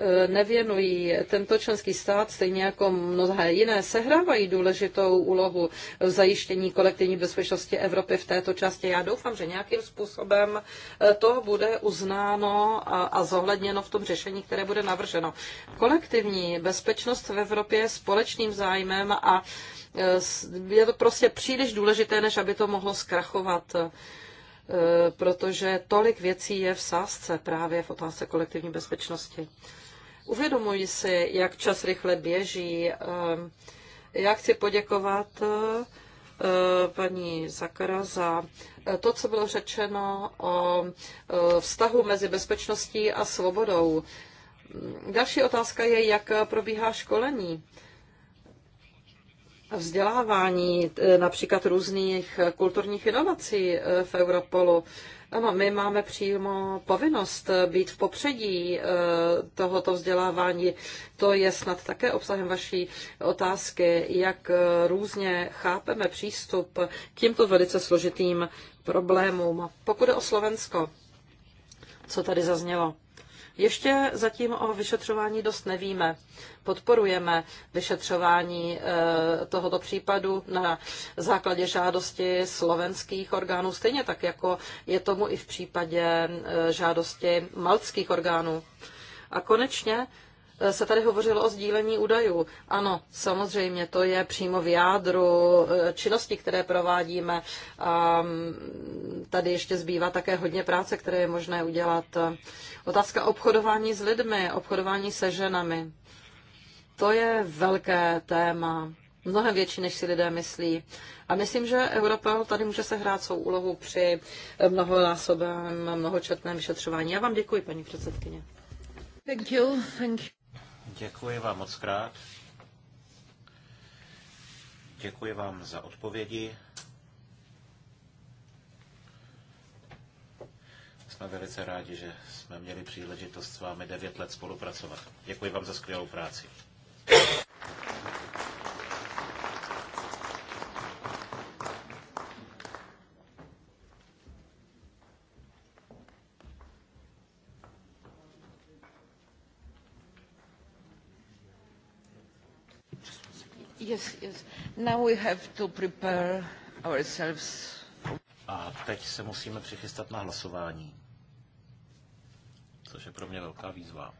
E, nevěnují. Tento členský stát, stejně jako mnohé jiné, sehrávají důležitou úlohu v zajištění kolektivní bezpečnosti Evropy v této části. Já doufám, že nějakým způsobem e, to bude uznáno a zohledněno v tom řešení, které bude navrženo. Kolektivní bezpečnost v Evropě je společným zájmem a e, je to prostě příliš důležité, než aby to mohlo zkrachovat protože tolik věcí je v sázce právě v otázce kolektivní bezpečnosti. Uvědomuji si, jak čas rychle běží. Ehm, já chci poděkovat eh, paní Zakara za eh, to, co bylo řečeno o eh, vztahu mezi bezpečností a svobodou. Další otázka je, jak probíhá školení vzdělávání e, například různých kulturních inovací e, v Europolu. Ano, my máme přímo povinnost e, být v popředí tohoto vzdělávání. To je snad také obsahem vaší otázky, jak různě chápeme přístup k těmto velice složitým problémům. Pokud je o Slovensko, co tady zaznělo? Ještě zatím o vyšetřování dost nevíme. Podporujeme vyšetřování eh, tohoto případu na základě žádosti slovenských orgánů, stejně tak, jako je tomu i v případě eh, žádosti maltských orgánů. A konečně se tady hovořilo o sdílení údajů. Ano, samozřejmě, to je přímo v jádru eh, činnosti, které provádíme. Mm, tady ještě zbývá také hodně práce, které je možné udělat. Otázka obchodování s lidmi, obchodování se ženami. To je velké téma, mnohem větší, než si lidé myslí. A myslím, že Europol tady může se hrát svou úlohu při mnohonásobném, mnohočetném vyšetřování. Já vám děkuji, paní předsedkyně. Thank you. Thank you. Děkuji vám moc krát. Děkuji vám za odpovědi. Jsme velice rádi, že jsme měli příležitost s vámi devět let spolupracovat. Děkuji vám za skvělou práci. Yes, yes. Now we have to prepare ourselves. A teď se musíme přichystat na hlasování, což je pro mě velká výzva.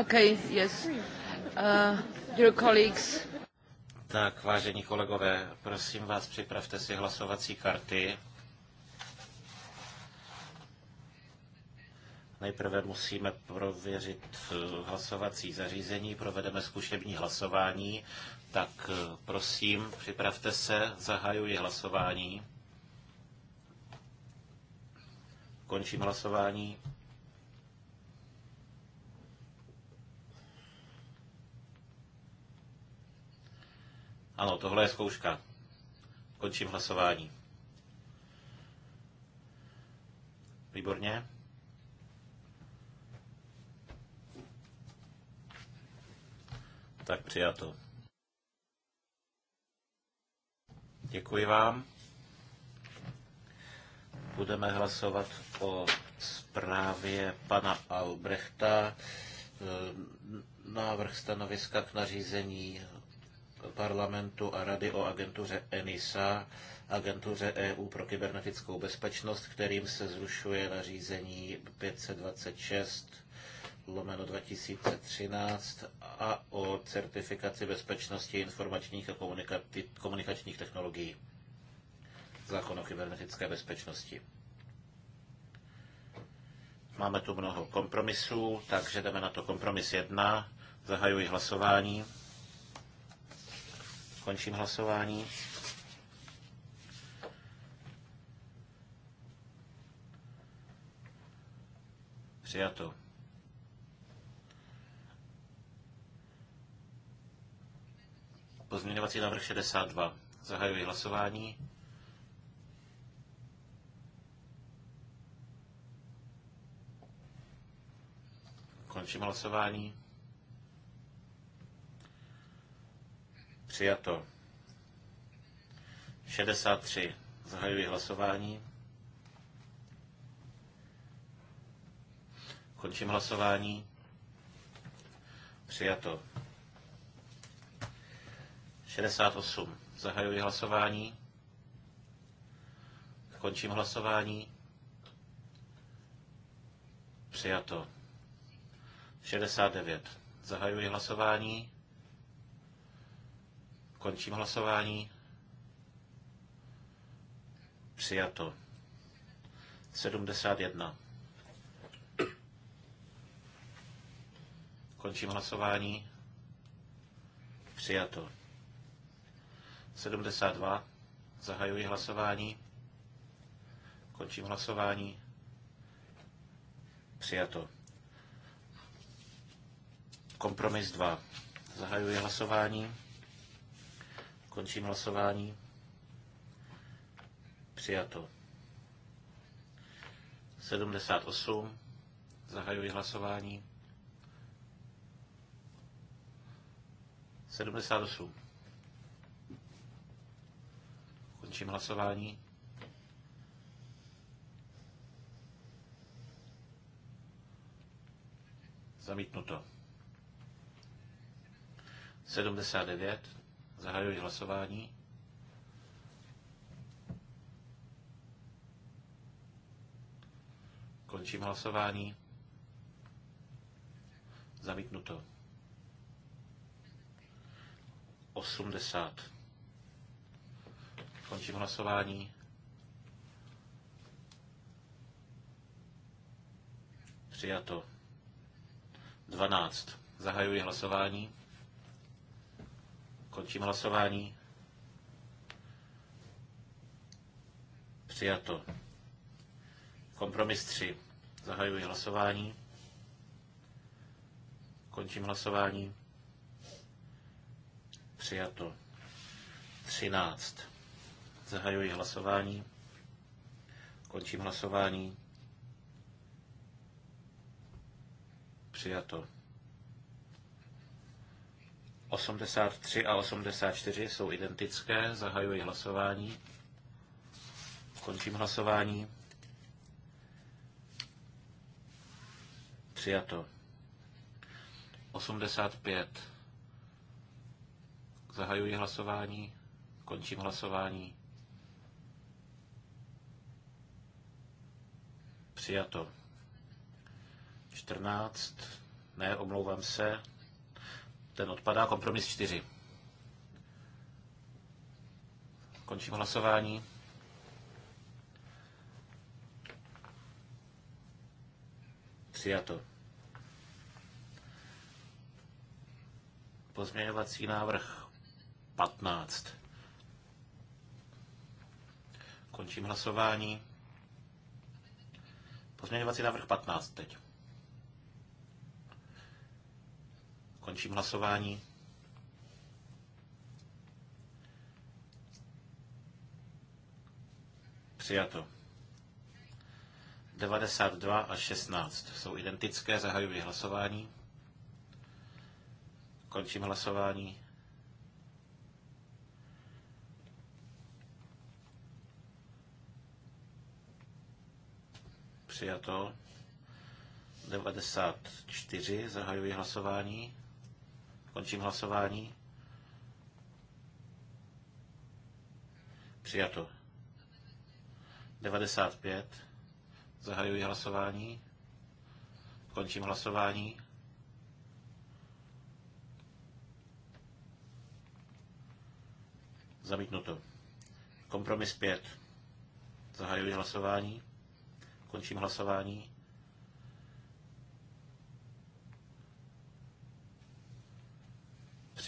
Okay. yes. Uh, your colleagues. Tak, vážení kolegové, prosím vás, připravte si hlasovací karty. Nejprve musíme prověřit eh, hlasovací zařízení, provedeme zkušební hlasování. Tak eh, prosím, připravte se, zahajuji hlasování. Končím hlasování. tohle zkouška. Končím hlasování. Výborně. Tak přijato. Děkuji vám. Budeme hlasovat o zprávě pana Albrechta ehm, návrh stanoviska k nařízení parlamentu a rady o agentuře ENISA, agentuře EU pro kybernetickou bezpečnost, kterým se zrušuje nařízení 526 lomeno 2013 a o certifikaci bezpečnosti informačních a komunikačních technologií. Zákon o kybernetické bezpečnosti. Máme tu mnoho kompromisů, takže jdeme na to kompromis 1. Zahajuji hlasování. Končím hlasování. Přijato. Pozměňovací návrh 62. Zahajuji hlasování. Končím hlasování. Přijato. 63. Zahajuji hlasování. Končím hlasování. Přijato. 68. Zahajuji hlasování. Končím hlasování. Přijato. 69. Zahajuji hlasování. Končím hlasování. Přijato. 71. Končím hlasování. Přijato. 72. Zahajuji hlasování. Končím hlasování. Přijato. Kompromis 2. Zahajuji hlasování. Končím hlasování. Přijato. 78. Zahajuji hlasování. 78. Končím hlasování. Zamítnuto. 79. Zahajuji hlasování. Končím hlasování. Zamítnuto. 80. Končím hlasování. Přijato. 12. Zahajuji hlasování. Končím hlasování. Přijato. Kompromis 3. Zahajuji hlasování. Končím hlasování. Přijato. 13. Zahajuji hlasování. Končím hlasování. Přijato. 83 a 84 jsou identické. Zahajuji hlasování. Končím hlasování. Přijato. 85. Zahajuji hlasování. Končím hlasování. Přijato. 14. Ne, omlouvám se ten odpadá. Kompromis 4. Končím hlasování. Přijato. Pozměňovací návrh 15. Končím hlasování. Pozměňovací návrh 15 teď. Končím hlasování. Přijato. 92 a 16 jsou identické, zahajuji hlasování. Končím hlasování. Přijato. 94, zahajuji hlasování. Končím hlasování. Přijato. 95. Zahajuji hlasování. Končím hlasování. Zamítnuto. Kompromis 5. Zahajuji hlasování. Končím hlasování.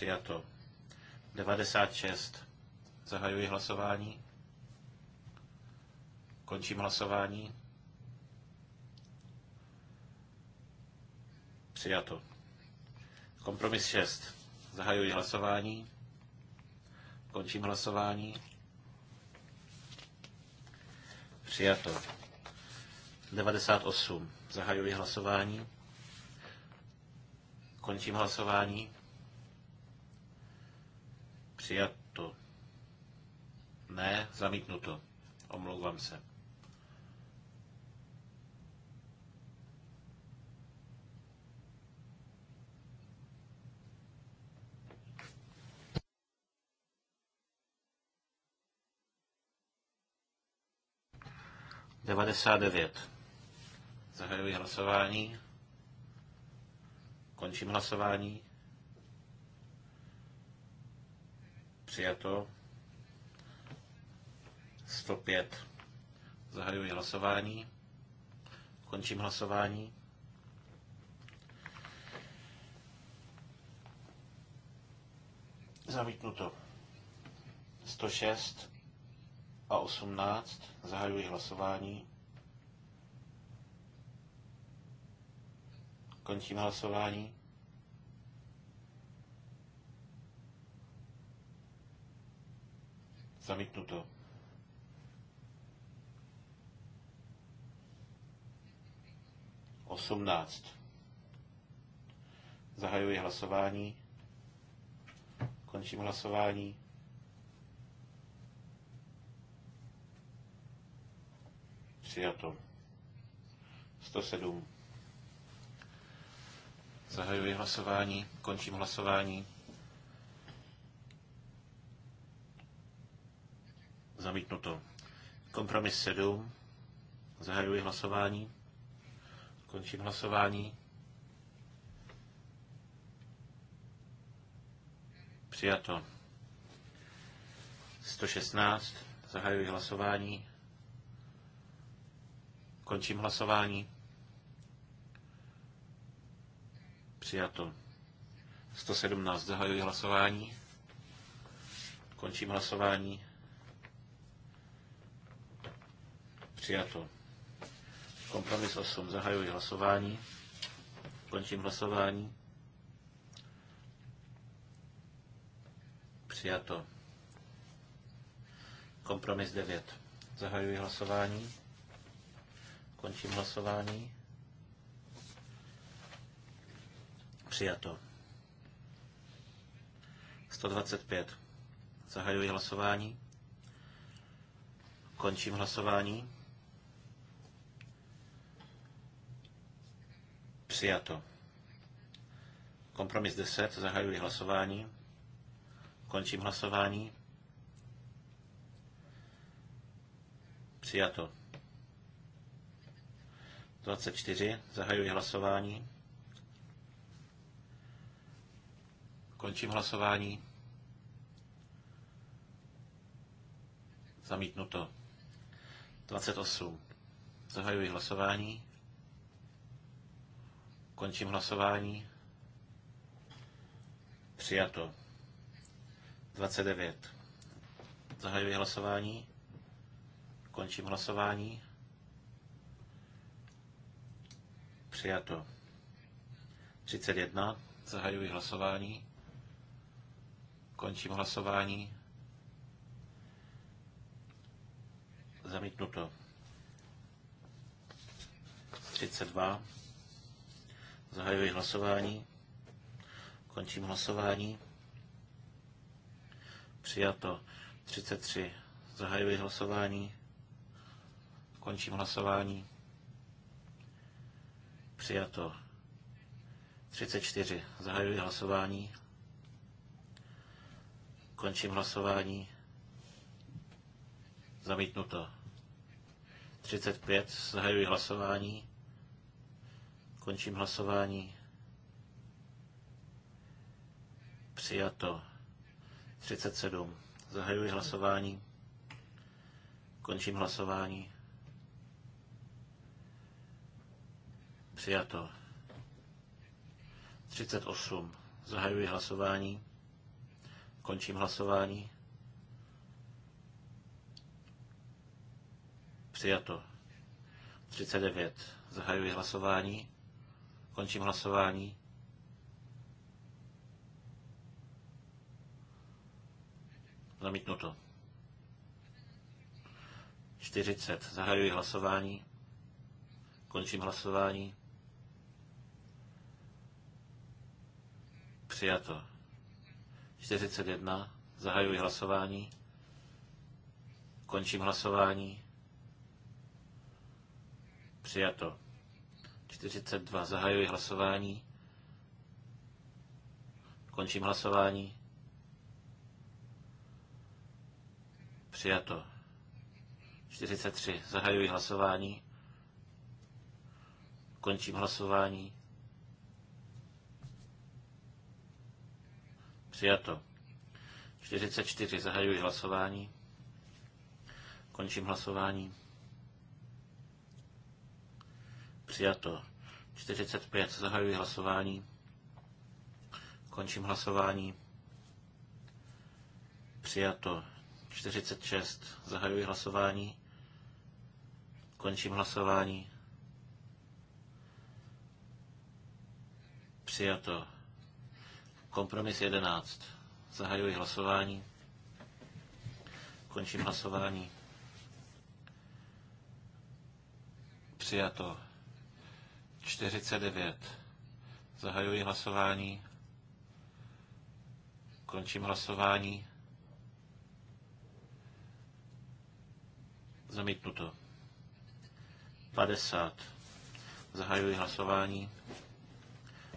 Přijato. 96. Zahajuji hlasování. Končím hlasování. Přijato. Kompromis 6. Zahajuji hlasování. Končím hlasování. Přijato. 98. Zahajuji hlasování. Končím hlasování. Přijato. Ne, zamítnuto. Omlouvám se. Devadesát devět. Zahajuji hlasování. Končím hlasování. Přijato. 105. Zahajuji hlasování. Končím hlasování. Zamítnuto. 106 a 18. Zahajuji hlasování. Končím hlasování. Zamítnuto. Osmnáct. Zahajuji hlasování. Končím hlasování. Přijato. 107. Zahajuji hlasování, končím hlasování. Zamítnuto. Kompromis 7. Zahajuji hlasování. Končím hlasování. Přijato. 116. Zahajuji hlasování. Končím hlasování. Přijato. 117. Zahajuji hlasování. Končím hlasování. Přijato. Kompromis 8. Zahajuji hlasování. Končím hlasování. Přijato. Kompromis 9. Zahajuji hlasování. Končím hlasování. Přijato. 125. Zahajuji hlasování. Končím hlasování. Přijato. Kompromis 10. Zahajuji hlasování. Končím hlasování. Přijato. 24. Zahajuji hlasování. Končím hlasování. Zamítnuto. 28. Zahajuji hlasování. Končím hlasování. Přijato. 29. Zahajuji hlasování. Končím hlasování. Přijato. 31. Zahajuji hlasování. Končím hlasování. Zamítnuto. 32. Zahajuji hlasování. Končím hlasování. Přijato 33. Zahajuji hlasování. Končím hlasování. Přijato 34. Zahajuji hlasování. Končím hlasování. Zamítnuto. 35. Zahajuji hlasování. Končím hlasování. Přijato. 37. Zahajuji hlasování. Končím hlasování. Přijato. 38. Zahajuji hlasování. Končím hlasování. Přijato. 39. Zahajuji hlasování. Končím hlasování. Zamítnuto. 40. Zahajuji hlasování. Končím hlasování. Přijato. 41. Zahajuji hlasování. Končím hlasování. Přijato. 42. Zahajuji hlasování. Končím hlasování. Přijato. 43. Zahajuji hlasování. Končím hlasování. Přijato. 44. Zahajuji hlasování. Končím hlasování. Přijato. 45. Zahajuji hlasování. Končím hlasování. Přijato. 46. Zahajuji hlasování. Končím hlasování. Přijato. Kompromis 11. Zahajuji hlasování. Končím hlasování. Přijato. 49. Zahajuji hlasování. Končím hlasování. Zamítnuto. 50. Zahajuji hlasování.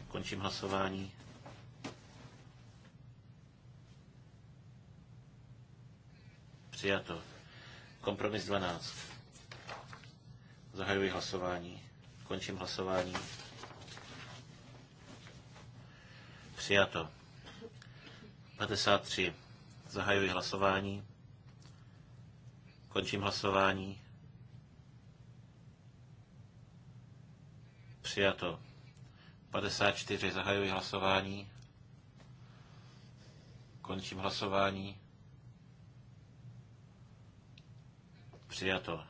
Končím hlasování. Přijato. Kompromis 12. Zahajuji hlasování. Končím hlasování. Přijato. 53. Zahajuji hlasování. Končím hlasování. Přijato. 54. Zahajuji hlasování. Končím hlasování. Přijato.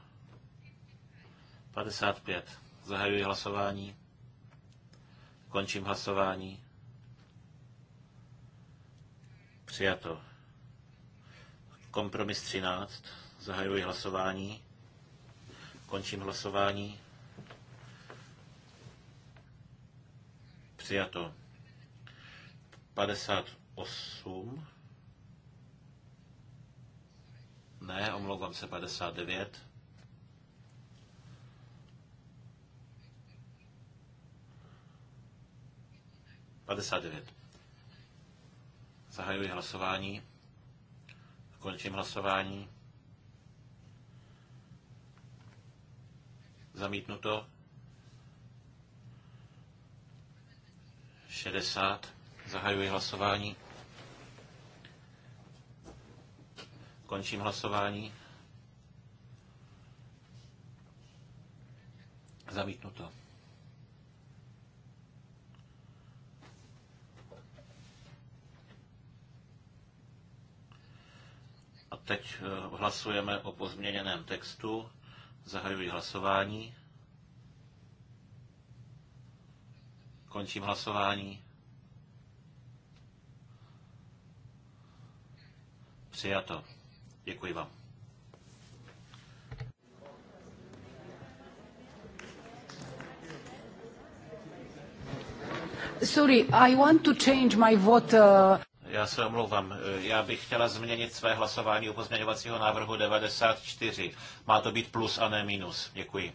55. Zahajuji hlasování. Končím hlasování. Přijato. Kompromis 13. Zahajuji hlasování. Končím hlasování. Přijato. 58. Ne, omlouvám se, 59. 59. Zahajuji hlasování. Končím hlasování. Zamítnuto. 60. Zahajuji hlasování. Končím hlasování. Zamítnuto. A teď eh, hlasujeme o pozměněném textu. Zahajuji hlasování. Končím hlasování. Přijato. Děkuji vám. Sorry, I want to change my vote. Eh. Já se omlouvám. Já bych chtěla změnit své hlasování u pozměňovacího návrhu 94. Má to být plus a ne minus. Děkuji.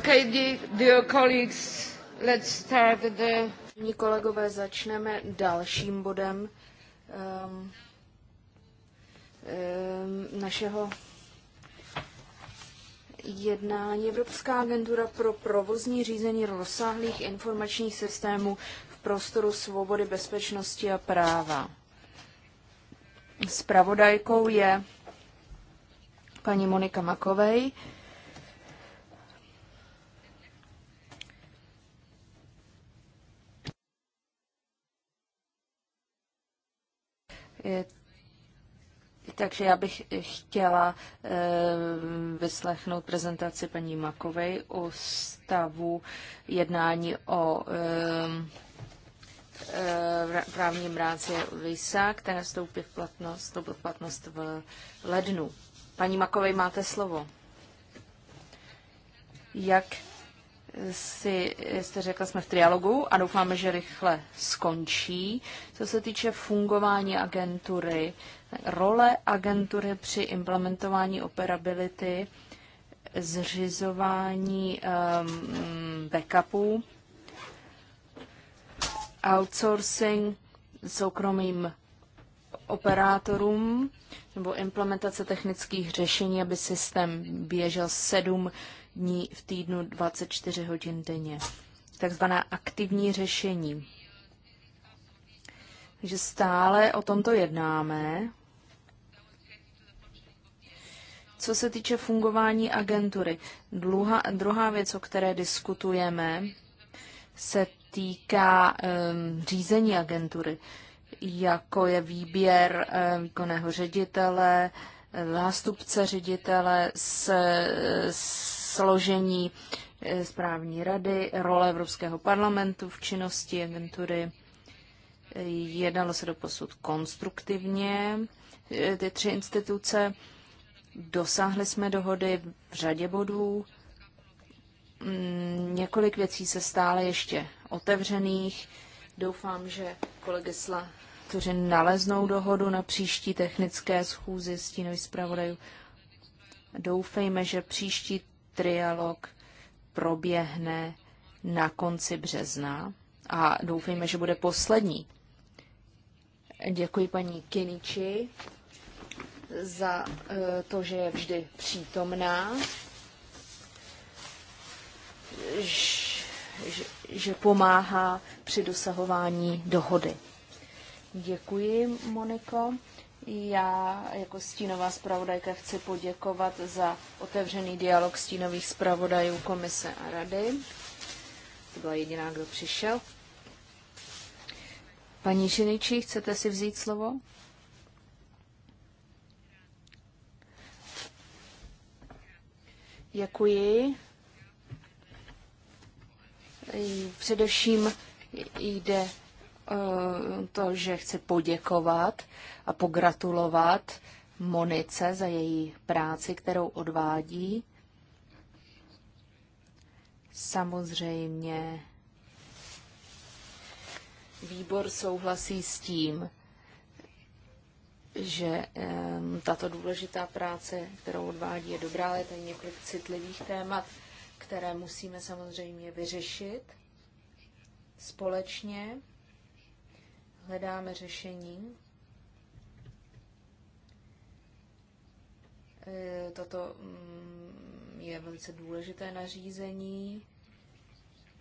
Okay, dear, colleagues, let's start the... kolegové, začneme dalším bodem um, um, našeho jednání. Evropská agentura pro provozní řízení rozsáhlých informačních systémů v prostoru svobody, bezpečnosti a práva. Spravodajkou je paní Monika Makovej. Uh, Takže já bych chtěla eh, vyslechnout prezentaci paní Makovej o stavu jednání o eh, eh, právním rámci LISA, které vstoupí v platnost, vstoupil v platnost v lednu. Paní Makovej, máte slovo. Jak si, jste řekla, jsme v trialogu a doufáme, že rychle skončí. Co se týče fungování agentury, role agentury při implementování operability, zřizování um, backupů, outsourcing soukromým operátorům nebo implementace technických řešení, aby systém běžel sedm dní v týdnu 24 hodin denně. Takzvaná aktivní řešení. Takže stále o tomto jednáme. Co se týče fungování agentury, dluha, druhá věc, o které diskutujeme, se týká um, řízení agentury, jako je výběr um, výkonného ředitele, zástupce ředitele s, s složení eh, správní rady, role Evropského parlamentu v činnosti agentury. Eh, jednalo se do posud konstruktivně. Eh, ty tři instituce dosáhly jsme dohody v řadě bodů. Mm, několik věcí se stále ještě otevřených. Doufám, že Sla kteří naleznou dohodu na příští technické schůzi stínových zpravodajů. Doufejme, že příští trialog proběhne na konci března a doufejme, že bude poslední. Děkuji paní Kiniči za eh, to, že je vždy přítomná, že, že pomáhá při dosahování dohody. Děkuji, Moniko. Já jako stínová zpravodajka chci poděkovat za otevřený dialog stínových zpravodajů komise a rady. To byla jediná, kdo přišel. Paní Žiniči, chcete si vzít slovo? Děkuji. Především jde Eh, to, že chci poděkovat a pogratulovat Monice za její práci, kterou odvádí. Samozřejmě výbor souhlasí s tím, že um, tato důležitá práce, kterou odvádí, je dobrá, ale je tady několik citlivých témat, které musíme samozřejmě vyřešit společně hledáme řešení. E, toto mm, je velice důležité nařízení.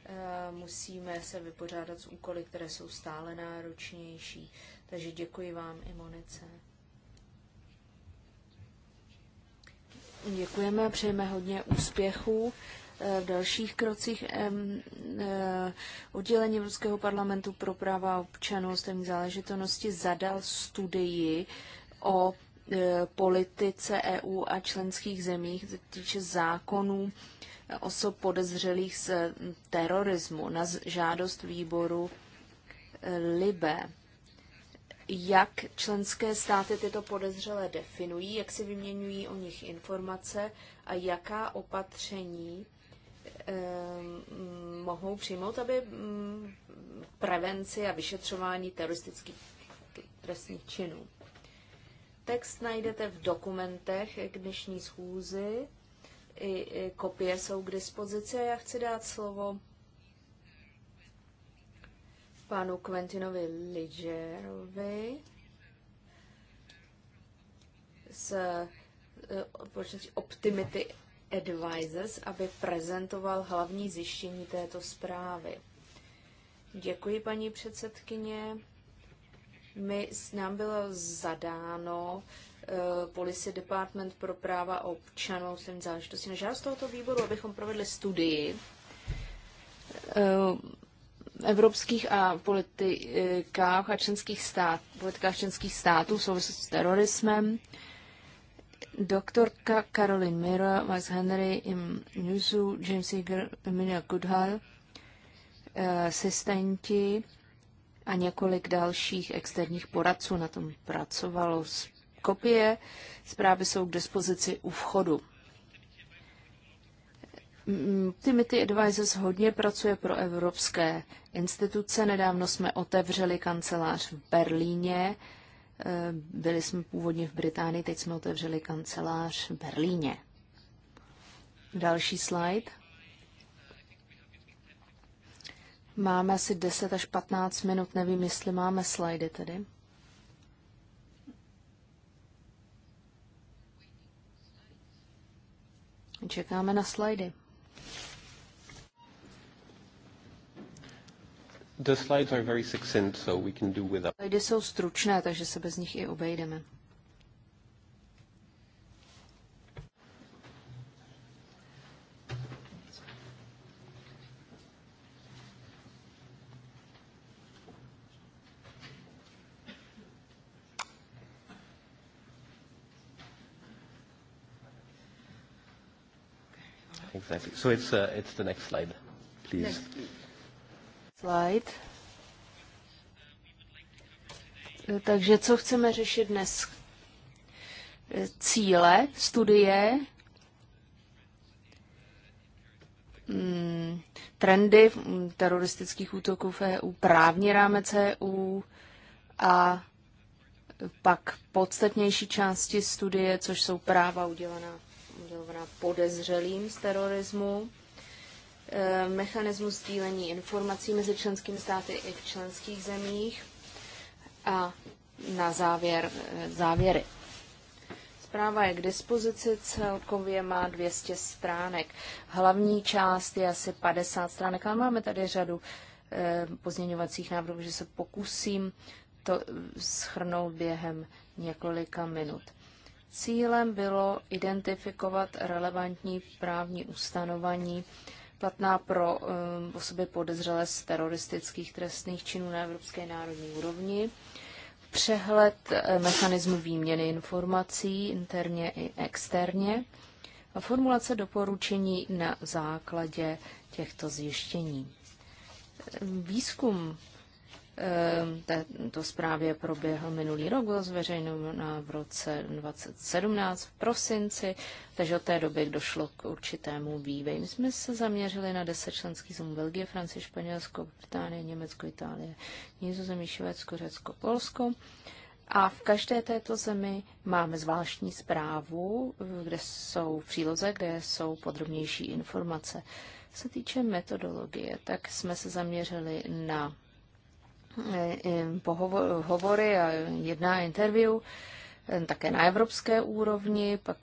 E, musíme se vypořádat s úkoly, které jsou stále náročnější. Takže děkuji vám i Monice. Děkujeme, přejeme hodně úspěchů v dalších krocích eh, oddělení Evropského parlamentu pro práva občanů a záležitosti zadal studii o eh, politice EU a členských zemích, co týče zákonů eh, osob podezřelých z hm, terorismu na žádost výboru Libe. Jak členské státy tyto podezřelé definují, jak si vyměňují o nich informace a jaká opatření Eh, mohou přijmout, aby mm, prevenci a vyšetřování teroristických trestních činů. Text najdete v dokumentech k dnešní schůzi. I, i kopie jsou k dispozici a já chci dát slovo panu Quentinovi Ligerovi z eh, společnosti Optimity Advisors, aby prezentoval hlavní zjištění této zprávy. Děkuji, paní předsedkyně. My, nám bylo zadáno uh, Policy Department pro práva občanů jsem záležitosti na žádost tohoto výboru, abychom provedli studii uh, evropských a politikách a členských států. politikách členských států v souvislosti s terorismem. Doktorka Caroline Mira, Max Henry, Im Newsu, James Eager, Emilia Goodhall, eh, asistenti a několik dalších externích poradců na tom pracovalo. Kopie zprávy jsou k dispozici u vchodu. Mm, Timothy Advisors hodně pracuje pro evropské instituce. Nedávno jsme otevřeli kancelář v Berlíně Eh, byli jsme původně v Británii, teď jsme otevřeli kancelář v Berlíně. Další slide. Máme asi 10 až 15 minut, nevím, jestli máme slajdy tedy. Čekáme na slajdy. The slides are very succinct, so we can do without. Slidy jsou stručné, takže se bez nich i obejdeme. Exactly. So it's, uh, it's the next slide, please. Next, please slide. Takže co chceme řešit dnes? Cíle, studie, mm, trendy teroristických útoků v EU, právní rámec EU a pak podstatnější části studie, což jsou práva udělaná, udělaná podezřelým z terorismu Eh, mechanismus sdílení informací mezi členskými státy i v členských zemích a na závěr eh, závěry. Zpráva je k dispozici, celkově má 200 stránek. Hlavní část je asi 50 stránek, ale máme tady řadu eh, pozměňovacích návrhů, že se pokusím to schrnout během několika minut. Cílem bylo identifikovat relevantní právní ustanovení, platná pro eh, osoby podezřelé z teroristických trestných činů na evropské národní úrovni. Přehled eh, mechanismu výměny informací interně i externě a formulace doporučení na základě těchto zjištění. Výzkum Ehm, Tento zprávě proběhl minulý rok, byl zveřejněna v roce 2017 v prosinci, takže od té doby došlo k určitému vývoji. My jsme se zaměřili na deset členských zemí Belgie, Francie, Španělsko, Británie, Německo, Itálie, Nizozemí, Švédsko, Řecko, Polsko. A v každé této zemi máme zvláštní zprávu, kde jsou příloze, kde jsou podrobnější informace. Co se týče metodologie, tak jsme se zaměřili na E, pohovory a jedná interview, e, také na evropské úrovni, pak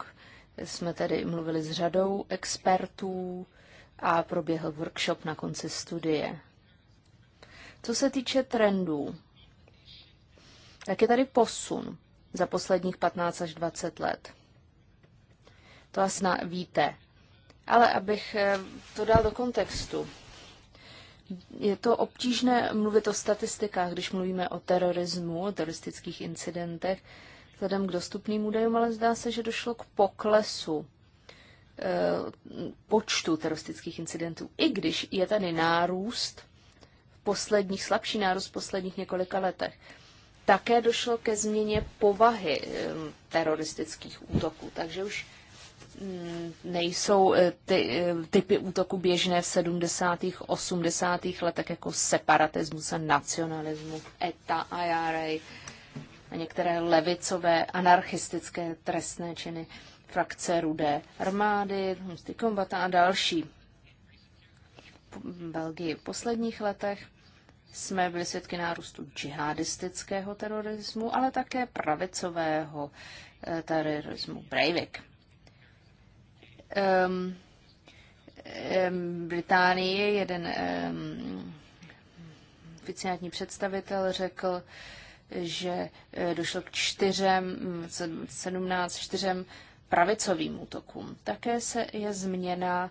jsme tedy mluvili s řadou expertů a proběhl workshop na konci studie. Co se týče trendů, tak je tady posun za posledních 15 až 20 let. To asi víte. Ale abych e, to dal do kontextu, je to obtížné mluvit o statistikách, když mluvíme o terorismu, o teroristických incidentech, vzhledem k dostupným údajům, ale zdá se, že došlo k poklesu eh, počtu teroristických incidentů. I když je tady nárůst, v posledních, slabší nárůst v posledních několika letech, také došlo ke změně povahy eh, teroristických útoků. Takže už Mm, nejsou eh, ty, eh, typy útoku běžné v 70. 80. letech jako separatismus a nacionalismus, ETA, IRA a některé levicové anarchistické trestné činy frakce Rudé armády, Husty kombata a další. V Belgii v posledních letech jsme byli svědky nárůstu džihadistického terorismu, ale také pravicového eh, terorismu Breivik um, um, Británii jeden um, oficiální představitel řekl, že eh, došlo k čtyřem, sedmnáct, čtyřem pravicovým útokům. Také se je změna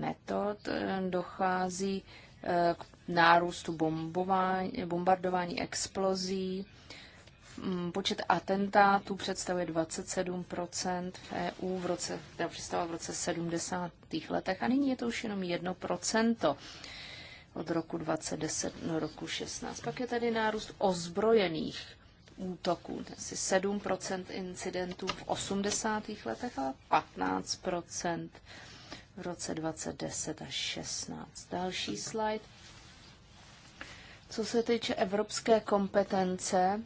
metod, eh, dochází eh, k nárůstu bombování, bombardování explozí, Mm, počet atentátů představuje 27 v EU v roce, v roce 70. letech a nyní je to už jenom 1 od roku 2010 do roku 16. Pak je tady nárůst ozbrojených útoků, asi 7 incidentů v 80. letech a 15 v roce 2010 až 16. Další slide. Co se týče evropské kompetence,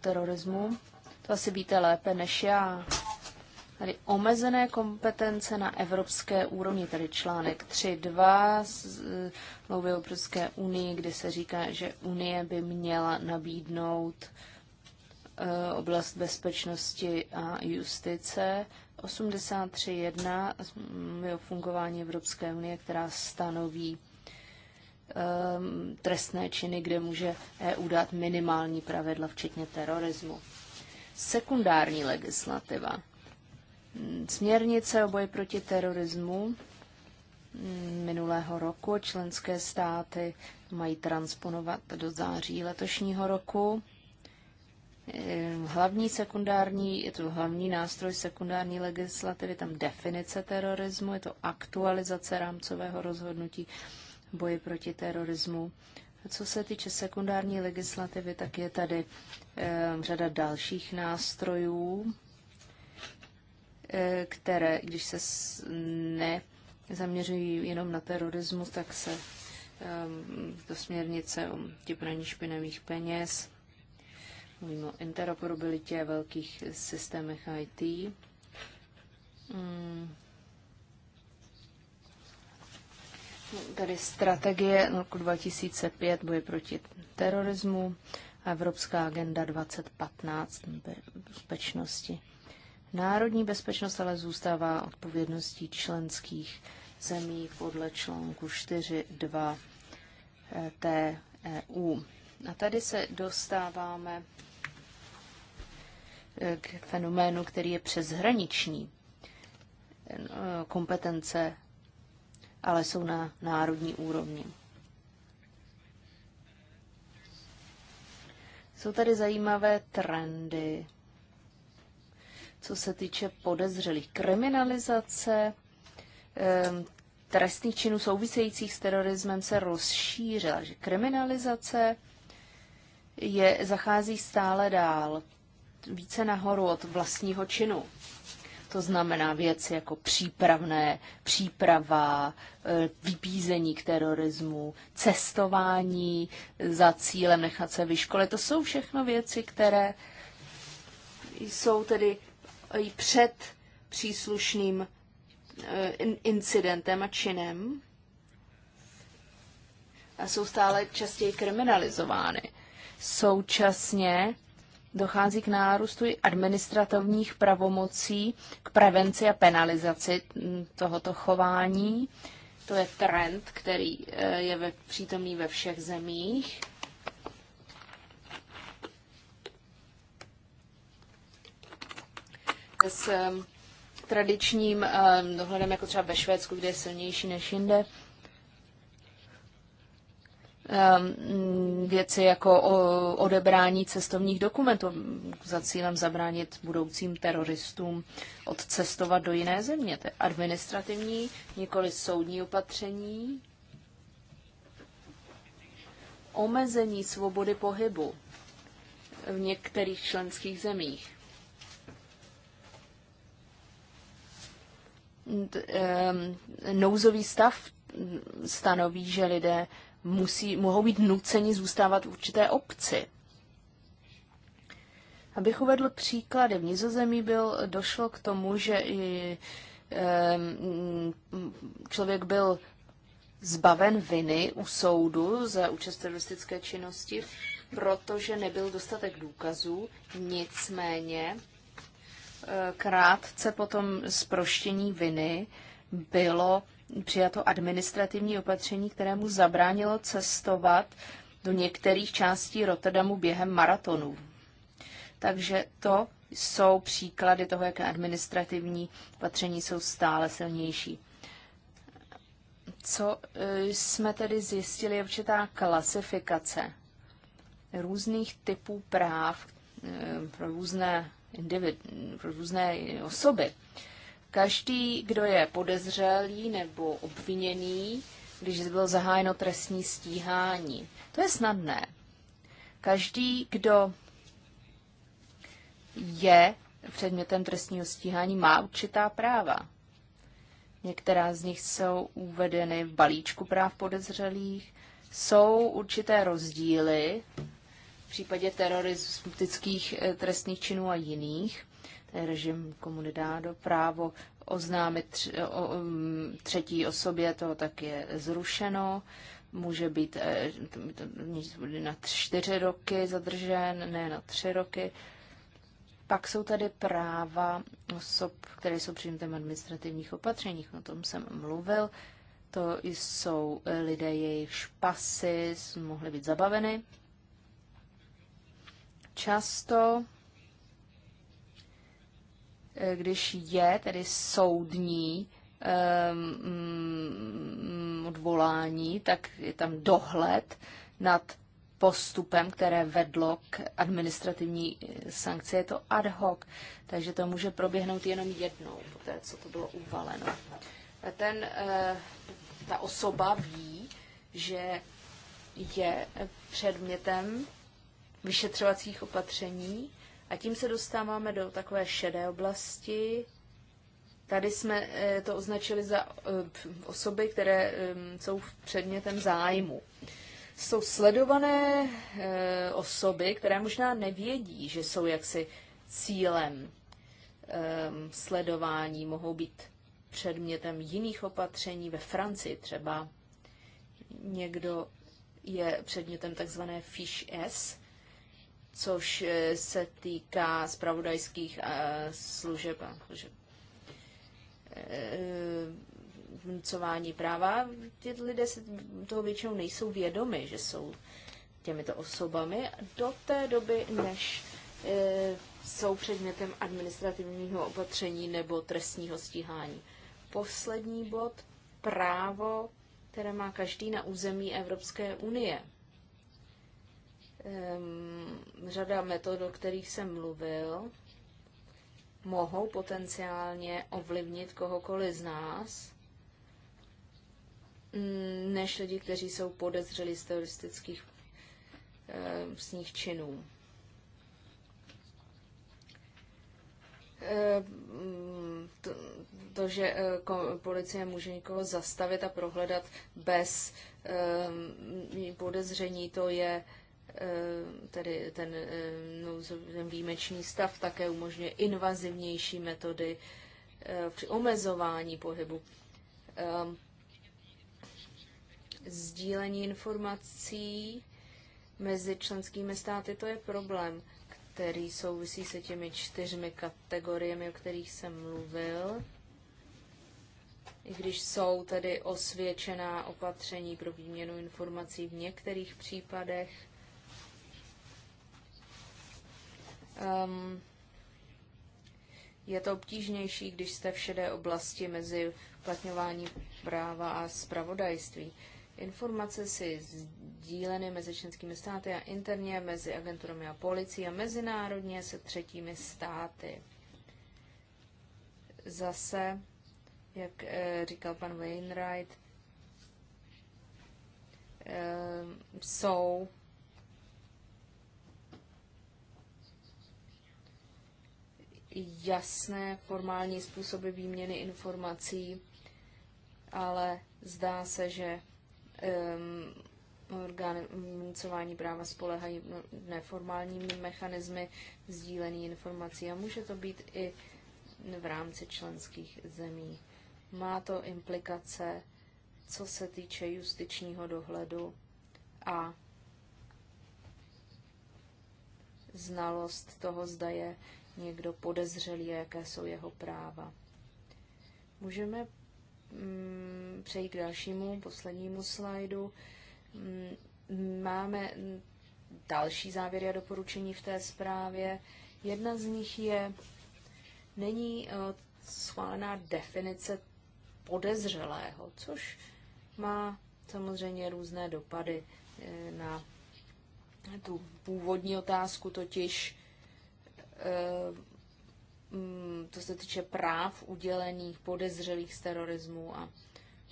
terorismu. To asi víte lépe než já. Tady omezené kompetence na evropské úrovni, tady článek 3.2 z o Evropské unii, kde se říká, že Unie by měla nabídnout eh, oblast bezpečnosti a justice. 83.1 mm, o fungování Evropské unie, která stanoví Ehm, trestné činy, kde může EU dát minimální pravidla, včetně terorismu. Sekundární legislativa. Hmm, směrnice o boji proti terorismu hmm, minulého roku členské státy mají transponovat do září letošního roku. Ehm, hlavní sekundární, je to hlavní nástroj sekundární legislativy, tam definice terorismu, je to aktualizace rámcového rozhodnutí boji proti terorismu. Co se týče sekundární legislativy, tak je tady e, řada dalších nástrojů, e, které, když se nezaměřují jenom na terorismus, tak se e, do směrnice o praní špinavých peněz, mluvím o interoperabilitě velkých systémech IT. Mm Tady strategie roku 2005 boje proti terorismu a Evropská agenda 2015 bezpečnosti. Národní bezpečnost ale zůstává odpovědností členských zemí podle článku 4.2 eh, TEU. A tady se dostáváme eh, k fenoménu, který je přeshraniční. Eh, kompetence ale jsou na národní úrovni. Jsou tady zajímavé trendy, co se týče podezřelých kriminalizace, ehm, trestných činů souvisejících s terorismem se rozšířila, že kriminalizace je, zachází stále dál, více nahoru od vlastního činu. To znamená věci jako přípravné, příprava, e, vybízení k terorismu, cestování za cílem nechat se vyškolit. To jsou všechno věci, které jsou tedy i před příslušným e, incidentem a činem a jsou stále častěji kriminalizovány. Současně dochází k nárůstu administrativních pravomocí k prevenci a penalizaci mm, tohoto chování. To je trend, který eh, je ve, přítomný ve všech zemích. S tradičním eh, dohledem, jako třeba ve Švédsku, kde je silnější než jinde, Ehm, mm, věci jako odebrání cestovních dokumentů za cílem zabránit budoucím teroristům odcestovat do jiné země. To je administrativní, nikoli soudní opatření. Omezení svobody pohybu v některých členských zemích. Ehm, nouzový stav stanoví, že lidé musí, mohou být nuceni zůstávat v určité obci. Abych uvedl příklady, v Nizozemí byl, došlo k tomu, že i člověk byl zbaven viny u soudu za účast teroristické činnosti, protože nebyl dostatek důkazů, nicméně e, krátce potom zproštění viny bylo přijato administrativní opatření, které mu zabránilo cestovat do některých částí Rotterdamu během maratonů. Takže to jsou příklady toho, jak administrativní opatření jsou stále silnější. Co e, jsme tedy zjistili, je určitá klasifikace různých typů práv e, pro různé, individu, pro různé osoby. Každý, kdo je podezřelý nebo obviněný, když bylo zahájeno trestní stíhání. To je snadné. Každý, kdo je předmětem trestního stíhání, má určitá práva. Některá z nich jsou uvedeny v balíčku práv podezřelých. Jsou určité rozdíly v případě teroristických eh, trestných činů a jiných režim komunidádo. Právo oznámit třetí osobě, to tak je zrušeno. Může být e, na čtyři roky zadržen, ne na tři roky. Pak jsou tady práva osob, které jsou předmětem administrativních opatřeních, o tom jsem mluvil. To jsou lidé, jejich pasy mohly být zabaveny. Často Eh, když je tedy soudní um, odvolání, tak je tam dohled nad postupem, které vedlo k administrativní eh, sankci. Je to ad hoc, takže to může proběhnout jenom jednou, poté co to bylo uvaleno. Ten, eh, ta osoba ví, že je předmětem vyšetřovacích opatření a tím se dostáváme do takové šedé oblasti. Tady jsme eh, to označili za eh, osoby, které eh, jsou předmětem zájmu. Jsou sledované osoby, které možná nevědí, že jsou jaksi cílem ehm, sledování, mohou být předmětem jiných opatření. Ve Francii třeba někdo je předmětem takzvané fish S, což eh, se týká spravodajských eh, služeb a eh, vnucování práva. Ti lidé se toho většinou nejsou vědomi, že jsou těmito osobami do té doby, než jsou předmětem administrativního opatření nebo trestního stíhání. Poslední bod právo, které má každý na území Evropské unie řada metod, o kterých jsem mluvil, mohou potenciálně ovlivnit kohokoliv z nás, mm, než lidi, kteří jsou podezřelí z teroristických e, sních činů. to, to, že e, policie může někoho zastavit a prohledat bez podezření, to je Eh, tedy ten, eh, no, ten výjimečný stav také umožňuje invazivnější metody eh, při omezování pohybu. Sdílení informací mezi členskými státy, to je problém, který souvisí se těmi čtyřmi kategoriemi, o kterých jsem mluvil. I když jsou tedy osvědčená opatření pro výměnu informací v některých případech, Um, je to obtížnější, když jste v šedé oblasti mezi uplatňování práva a spravodajství. Informace si sdíleny mezi členskými státy a interně mezi agenturami a policií a mezinárodně se třetími státy. Zase, jak e, říkal pan Wainwright, e, jsou jasné formální způsoby výměny informací, ale zdá se, že um, orgány vnucování práva spolehají neformální mechanismy sdílení informací a může to být i v rámci členských zemí. Má to implikace, co se týče justičního dohledu a znalost toho, zda je někdo podezřelý, jaké jsou jeho práva. Můžeme mm, přejít k dalšímu, poslednímu slajdu. Mm, máme další závěry a doporučení v té zprávě. Jedna z nich je, není eh, schválená definice podezřelého, což má samozřejmě různé dopady eh, na tu původní otázku, totiž Eh, mm, to se týče práv udělených podezřelých z terorismu a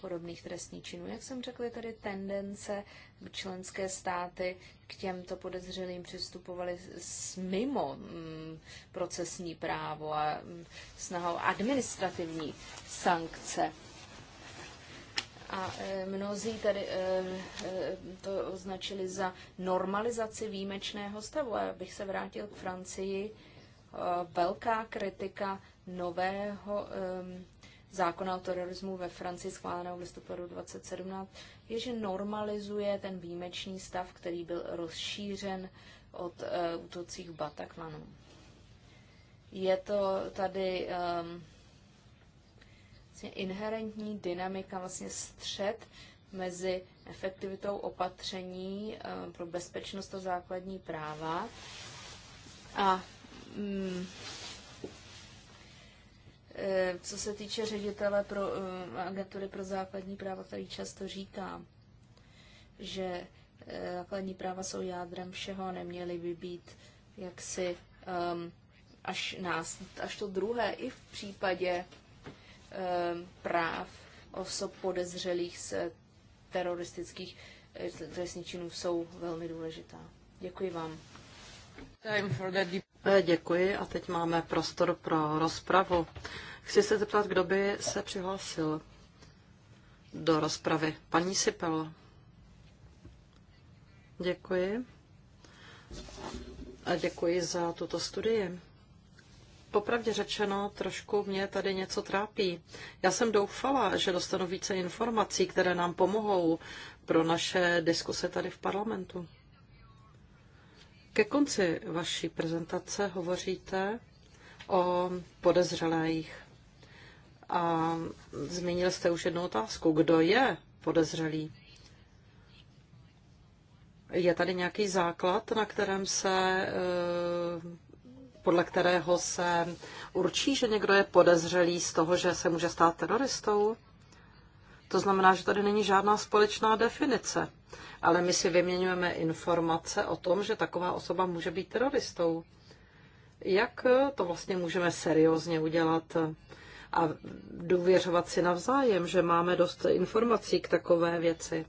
podobných trestních činů. Jak jsem řekla, je tady tendence členské státy k těmto podezřelým přistupovaly mimo mm, procesní právo a mm, snahou administrativní sankce. A eh, mnozí tady eh, to označili za normalizaci výjimečného stavu. A bych se vrátil k Francii, Eh, velká kritika nového zákona o terorismu ve Francii schváleného v listopadu 2017 je, že normalizuje ten výjimečný stav, který byl rozšířen od uh, útocích Bataclanů. Je to tady um, vlastně inherentní dynamika, vlastně střed mezi efektivitou opatření um, pro bezpečnost a základní práva a Mm, eh, co se týče ředitele pro eh, agentury pro základní práva, který často říká, že eh, základní práva jsou jádrem všeho, neměly by být jaksi um, až, nás, až to druhé, i v případě um, práv osob podezřelých z teroristických trestných činů jsou velmi důležitá. Děkuji vám. Eh, děkuji a teď máme prostor pro rozpravu. Chci se zeptat, kdo by se přihlásil do rozpravy. Paní Sipel. Děkuji. A děkuji za tuto studii. Popravdě řečeno, trošku mě tady něco trápí. Já jsem doufala, že dostanu více informací, které nám pomohou pro naše diskuse tady v parlamentu. Ke konci vaší prezentace hovoříte o podezřelých. A zmínil jste už jednu otázku. Kdo je podezřelý? Je tady nějaký základ, na kterém se, eh, podle kterého se určí, že někdo je podezřelý z toho, že se může stát teroristou? To znamená, že tady není žádná společná definice ale my si vyměňujeme informace o tom, že taková osoba může být teroristou. Jak to vlastně můžeme seriózně udělat a důvěřovat si navzájem, že máme dost informací k takové věci?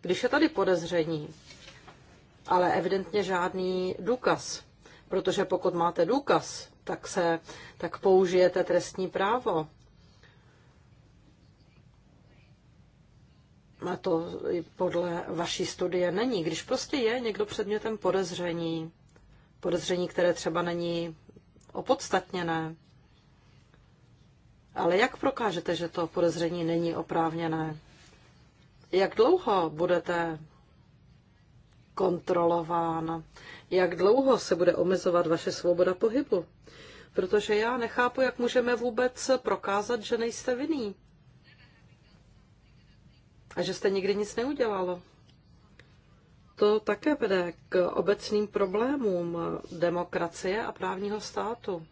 Když je tady podezření, ale evidentně žádný důkaz, protože pokud máte důkaz, tak, se, tak použijete trestní právo. to podle vaší studie není. Když prostě je někdo předmětem podezření, podezření, které třeba není opodstatněné, ale jak prokážete, že to podezření není oprávněné? Jak dlouho budete kontrolován? Jak dlouho se bude omezovat vaše svoboda pohybu? Protože já nechápu, jak můžeme vůbec prokázat, že nejste vinný a že jste nikdy nic neudělalo. To také vede k obecným problémům demokracie a právního státu.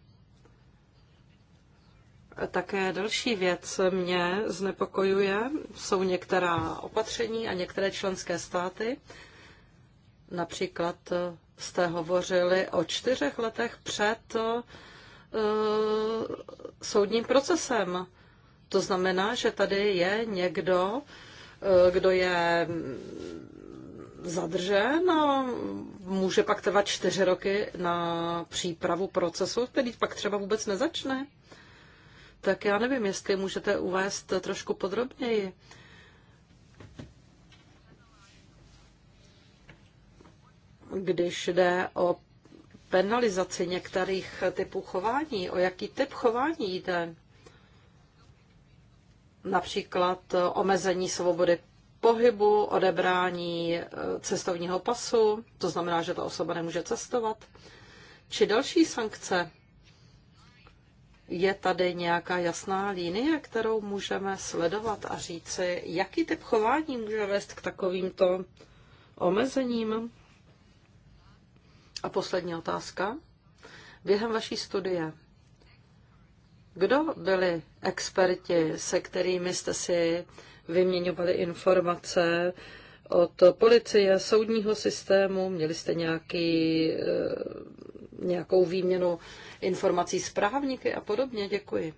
Také další věc mě znepokojuje. Jsou některá opatření a některé členské státy. Například jste hovořili o čtyřech letech před uh, soudním procesem. To znamená, že tady je někdo, Eh, kdo je zadržen a může pak trvat čtyři roky na přípravu procesu, který pak třeba vůbec nezačne. Tak já nevím, jestli můžete uvést trošku podrobněji. Když jde o penalizaci některých typů chování, o jaký typ chování jde? například omezení svobody pohybu, odebrání eh, cestovního pasu, to znamená, že ta osoba nemůže cestovat, či další sankce. Je tady nějaká jasná linie, kterou můžeme sledovat a říci, jaký typ chování může vést k takovýmto omezením? A poslední otázka. Během vaší studie kdo byli experti, se kterými jste si vyměňovali informace od policie, soudního systému? Měli jste nějaký, eh, nějakou výměnu informací s právníky a podobně? Děkuji.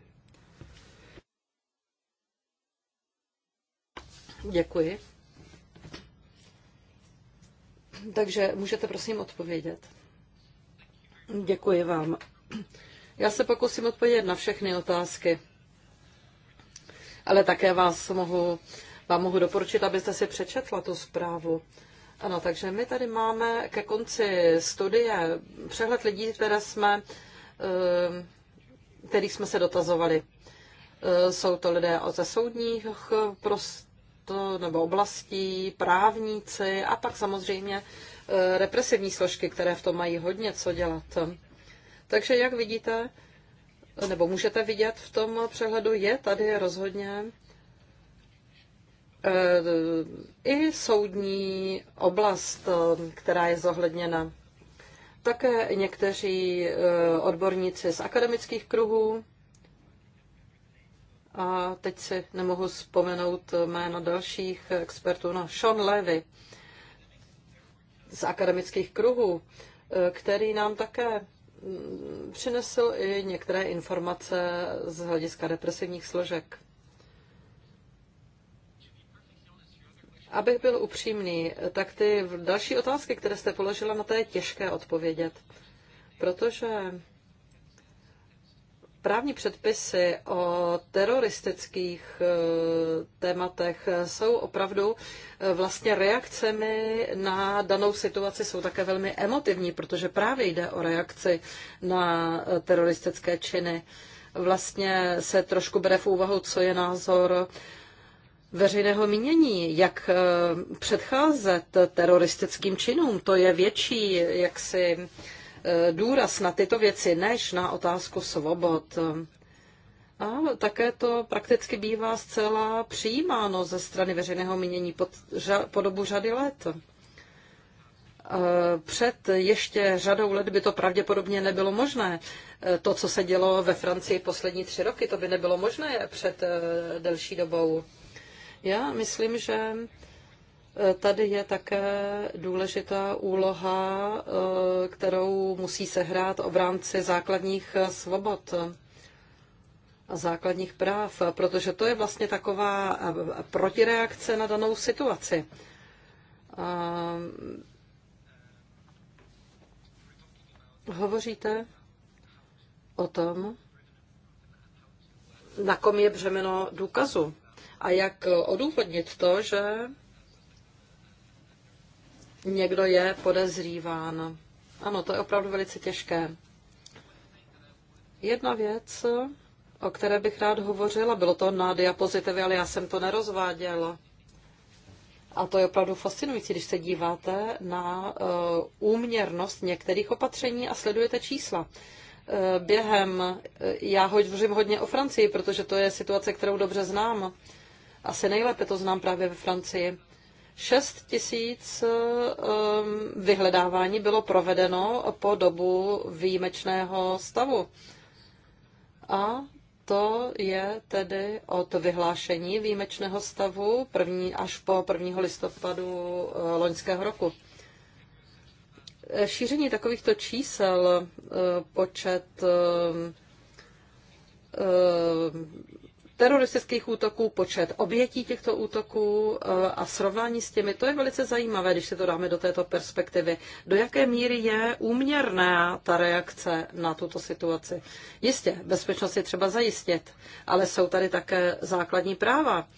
Děkuji. Takže můžete prosím odpovědět. Děkuji vám. Já se pokusím odpovědět na všechny otázky, ale také vás mohu, vám mohu doporučit, abyste si přečetla tu zprávu. Ano, takže my tady máme ke konci studie přehled lidí, které jsme, ehm, kterých jsme se dotazovali. Ehm, jsou to lidé ze soudních prosto, nebo oblastí, právníci a pak samozřejmě ehm, represivní složky, které v tom mají hodně co dělat. Takže jak vidíte, nebo můžete vidět v tom přehledu, je tady rozhodně eh, i soudní oblast, eh, která je zohledněna. Také někteří eh, odborníci z akademických kruhů, a teď si nemohu vzpomenout jméno dalších expertů, no Sean Levy z akademických kruhů, který nám také Mm, přinesl i některé informace z hlediska depresivních složek. Abych byl upřímný, tak ty další otázky, které jste položila, na to je těžké odpovědět, protože Právní předpisy o teroristických eh, tématech jsou opravdu eh, vlastně reakcemi na danou situaci, jsou také velmi emotivní, protože právě jde o reakci na eh, teroristické činy. Vlastně se trošku bere v úvahu, co je názor veřejného mínění, jak předcházet teroristickým činům. To je větší si Eh, důraz na tyto věci než na otázku svobod. A také to prakticky bývá zcela přijímáno ze strany veřejného mínění pod, po dobu řady let. Eh, před ještě řadou let by to pravděpodobně nebylo možné. Eh, to, co se dělo ve Francii poslední tři roky, to by nebylo možné před delší dobou. Já myslím, že Tady je také důležitá úloha, eh, kterou musí sehrát v rámci základních eh, svobod a základních práv, protože to je vlastně taková eh, protireakce na danou situaci. A... Hovoříte o tom, na kom je břemeno důkazu a jak odůvodnit to, že někdo je podezříván. Ano, to je opravdu velice těžké. Jedna věc, o které bych rád hovořila, bylo to na diapozitivě, ale já jsem to nerozváděla. A to je opravdu fascinující, když se díváte na uh, úměrnost některých opatření a sledujete čísla. Uh, během, uh, já hovořím hodně o Francii, protože to je situace, kterou dobře znám. Asi nejlépe to znám právě ve Francii. 6 tisíc um, vyhledávání bylo provedeno po dobu výjimečného stavu. A to je tedy od vyhlášení výjimečného stavu první, až po 1. listopadu eh, loňského roku. Šíření takovýchto čísel, eh, počet eh, teroristických útoků, počet obětí těchto útoků e, a srovnání s těmi. To je velice zajímavé, když se to dáme do této perspektivy. Do jaké míry je úměrná ta reakce na tuto situaci? Jistě, bezpečnost je třeba zajistit, ale jsou tady také základní práva,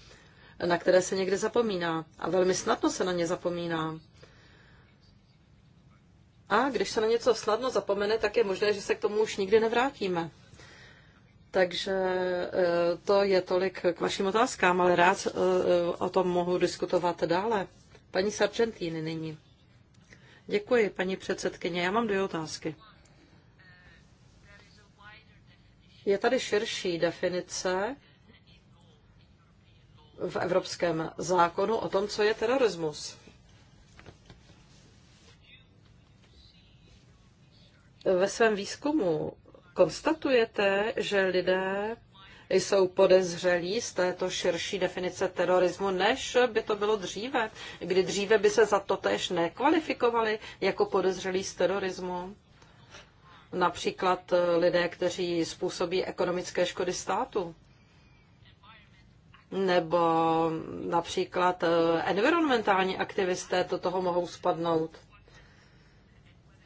na které se někdy zapomíná a velmi snadno se na ně zapomíná. A když se na něco snadno zapomene, tak je možné, že se k tomu už nikdy nevrátíme. Takže eh, to je tolik k vašim otázkám, ale rád eh, o tom mohu diskutovat dále. Paní Sargentini nyní. Děkuji, paní předsedkyně. Já mám dvě otázky. Je tady širší definice v evropském zákonu o tom, co je terorismus. Ve svém výzkumu Konstatujete, že lidé jsou podezřelí z této širší definice terorismu, než by to bylo dříve, kdy dříve by se za to též nekvalifikovali jako podezřelí z terorismu. Například eh, lidé, kteří způsobí ekonomické škody státu. Nebo například eh, environmentální aktivisté to toho mohou spadnout.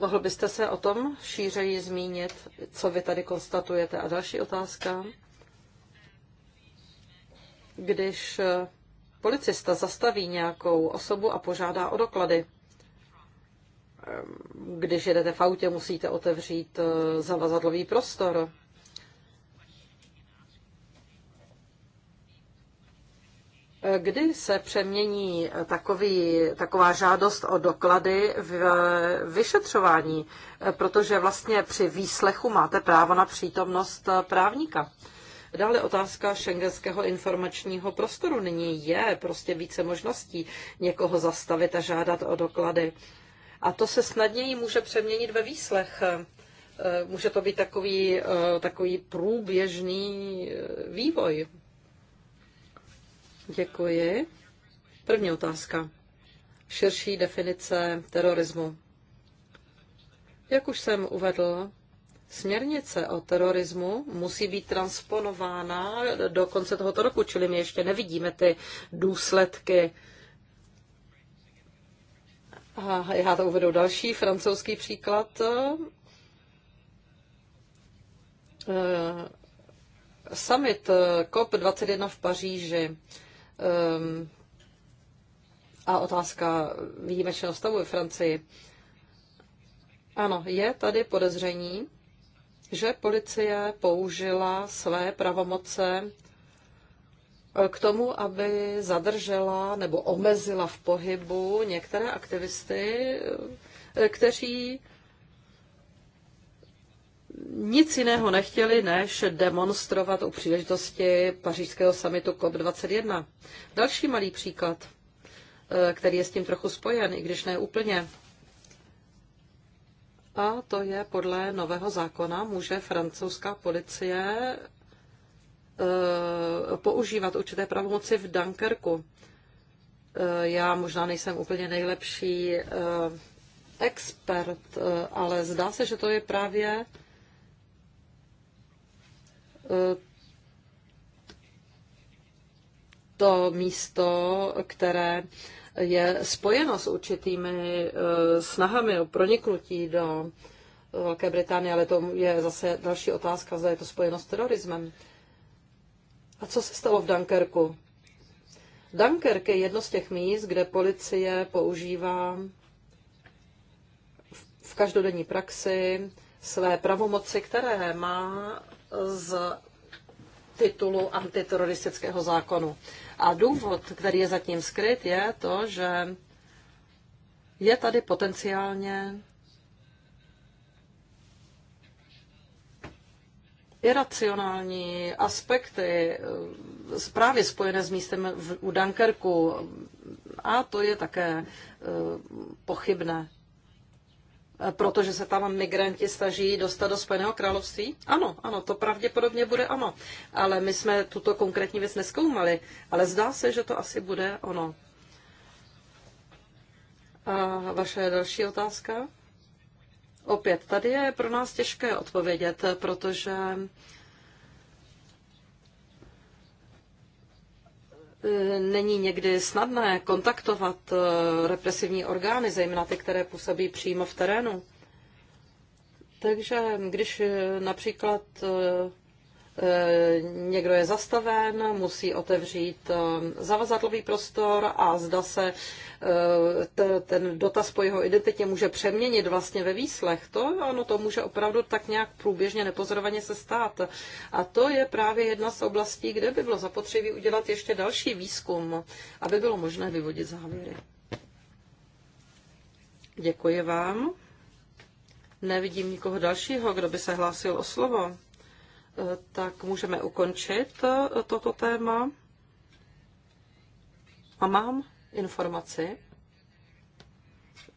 Mohl byste se o tom šířeji zmínit, co vy tady konstatujete? A další otázka. Když eh, policista zastaví nějakou osobu a požádá o doklady, eh, když jedete v autě, musíte otevřít eh, zavazadlový prostor. Kdy se přemění takový, taková žádost o doklady v vyšetřování, protože vlastně při výslechu máte právo na přítomnost právníka? Dále otázka šengenského informačního prostoru. Nyní je prostě více možností někoho zastavit a žádat o doklady. A to se snadněji může přeměnit ve výslech. Může to být takový, eh, takový průběžný eh, vývoj. Děkuji. První otázka. Širší definice terorismu. Jak už jsem uvedl, směrnice o terorismu musí být transponována do konce tohoto roku, čili my ještě nevidíme ty důsledky. A já to uvedu další francouzský příklad. Eh, summit eh, COP21 v Paříži Ehm, a otázka výjimečného stavu ve Francii. Ano, je tady podezření, že policie použila své pravomoce eh, k tomu, aby zadržela nebo omezila v pohybu některé aktivisty, eh, kteří nic jiného nechtěli, než demonstrovat u příležitosti pařížského samitu COP21. Další malý příklad, eh, který je s tím trochu spojen, i když ne úplně. A to je podle nového zákona, může francouzská policie eh, používat určité pravomoci v Dunkerku. Eh, já možná nejsem úplně nejlepší expert, ale zdá se, že to je právě to místo, které je spojeno s určitými eh, snahami o proniknutí do eh, Velké Británie, ale to je zase další otázka, zda je to spojeno s terorismem. A co se stalo v Dunkerku? Dunkerk je jedno z těch míst, kde policie používá v každodenní praxi své pravomoci, které má z titulu antiteroristického zákonu. A důvod, který je zatím skryt, je to, že je tady potenciálně iracionální aspekty zprávy eh, spojené s místem v, u Dunkerku a to je také eh, pochybné protože se tam migranti staží dostat do Spojeného království? Ano, ano, to pravděpodobně bude ano. Ale my jsme tuto konkrétní věc neskoumali, ale zdá se, že to asi bude ono. A vaše další otázka? Opět, tady je pro nás těžké odpovědět, protože E, není někdy snadné kontaktovat e, represivní orgány, zejména ty, které působí přímo v terénu. Takže když e, například Eh, někdo je zastaven, musí otevřít eh, zavazadlový prostor a zda se eh, ten dotaz po jeho identitě může přeměnit vlastně ve výslech. To ano, to může opravdu tak nějak průběžně nepozorovaně se stát. A to je právě jedna z oblastí, kde by bylo zapotřebí udělat ještě další výzkum, aby bylo možné vyvodit závěry. Děkuji vám. Nevidím nikoho dalšího, kdo by se hlásil o slovo tak můžeme ukončit eh, toto téma. A mám informaci,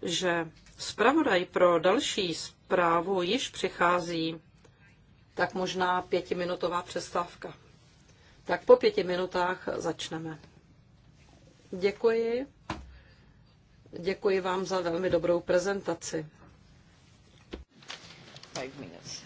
že zpravodaj pro další zprávu již přichází, tak možná pětiminutová přestávka. Tak po pěti minutách začneme. Děkuji. Děkuji vám za velmi dobrou prezentaci. Five minutes.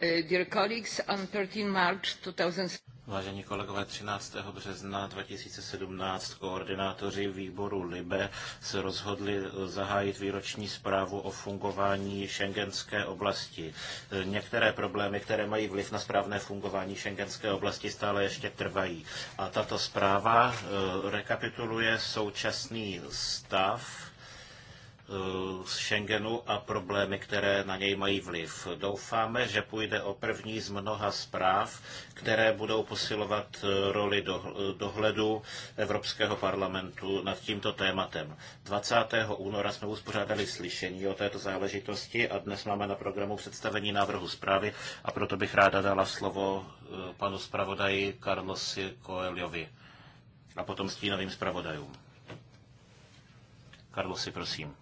Eh, dear colleagues, on 13 March 2017. Vážení kolegové, 13. března 2017 koordinátoři výboru LIBE se rozhodli eh, zahájit výroční zprávu o fungování šengenské oblasti. Eh, některé problémy, které mají vliv na správné fungování šengenské oblasti, stále ještě trvají. A tato zpráva rekapituluje současný stav Eh, z Schengenu a problémy, které na něj mají vliv. Doufáme, že půjde o první z mnoha zpráv, které budou posilovat eh, roli eh, dohledu Evropského parlamentu nad tímto tématem. 20. února jsme uspořádali slyšení o této záležitosti a dnes máme na programu představení návrhu zprávy a proto bych ráda dala slovo panu zpravodaji Carlosi Coelhovi a potom stínovým zpravodajům. Carlosi, prosím.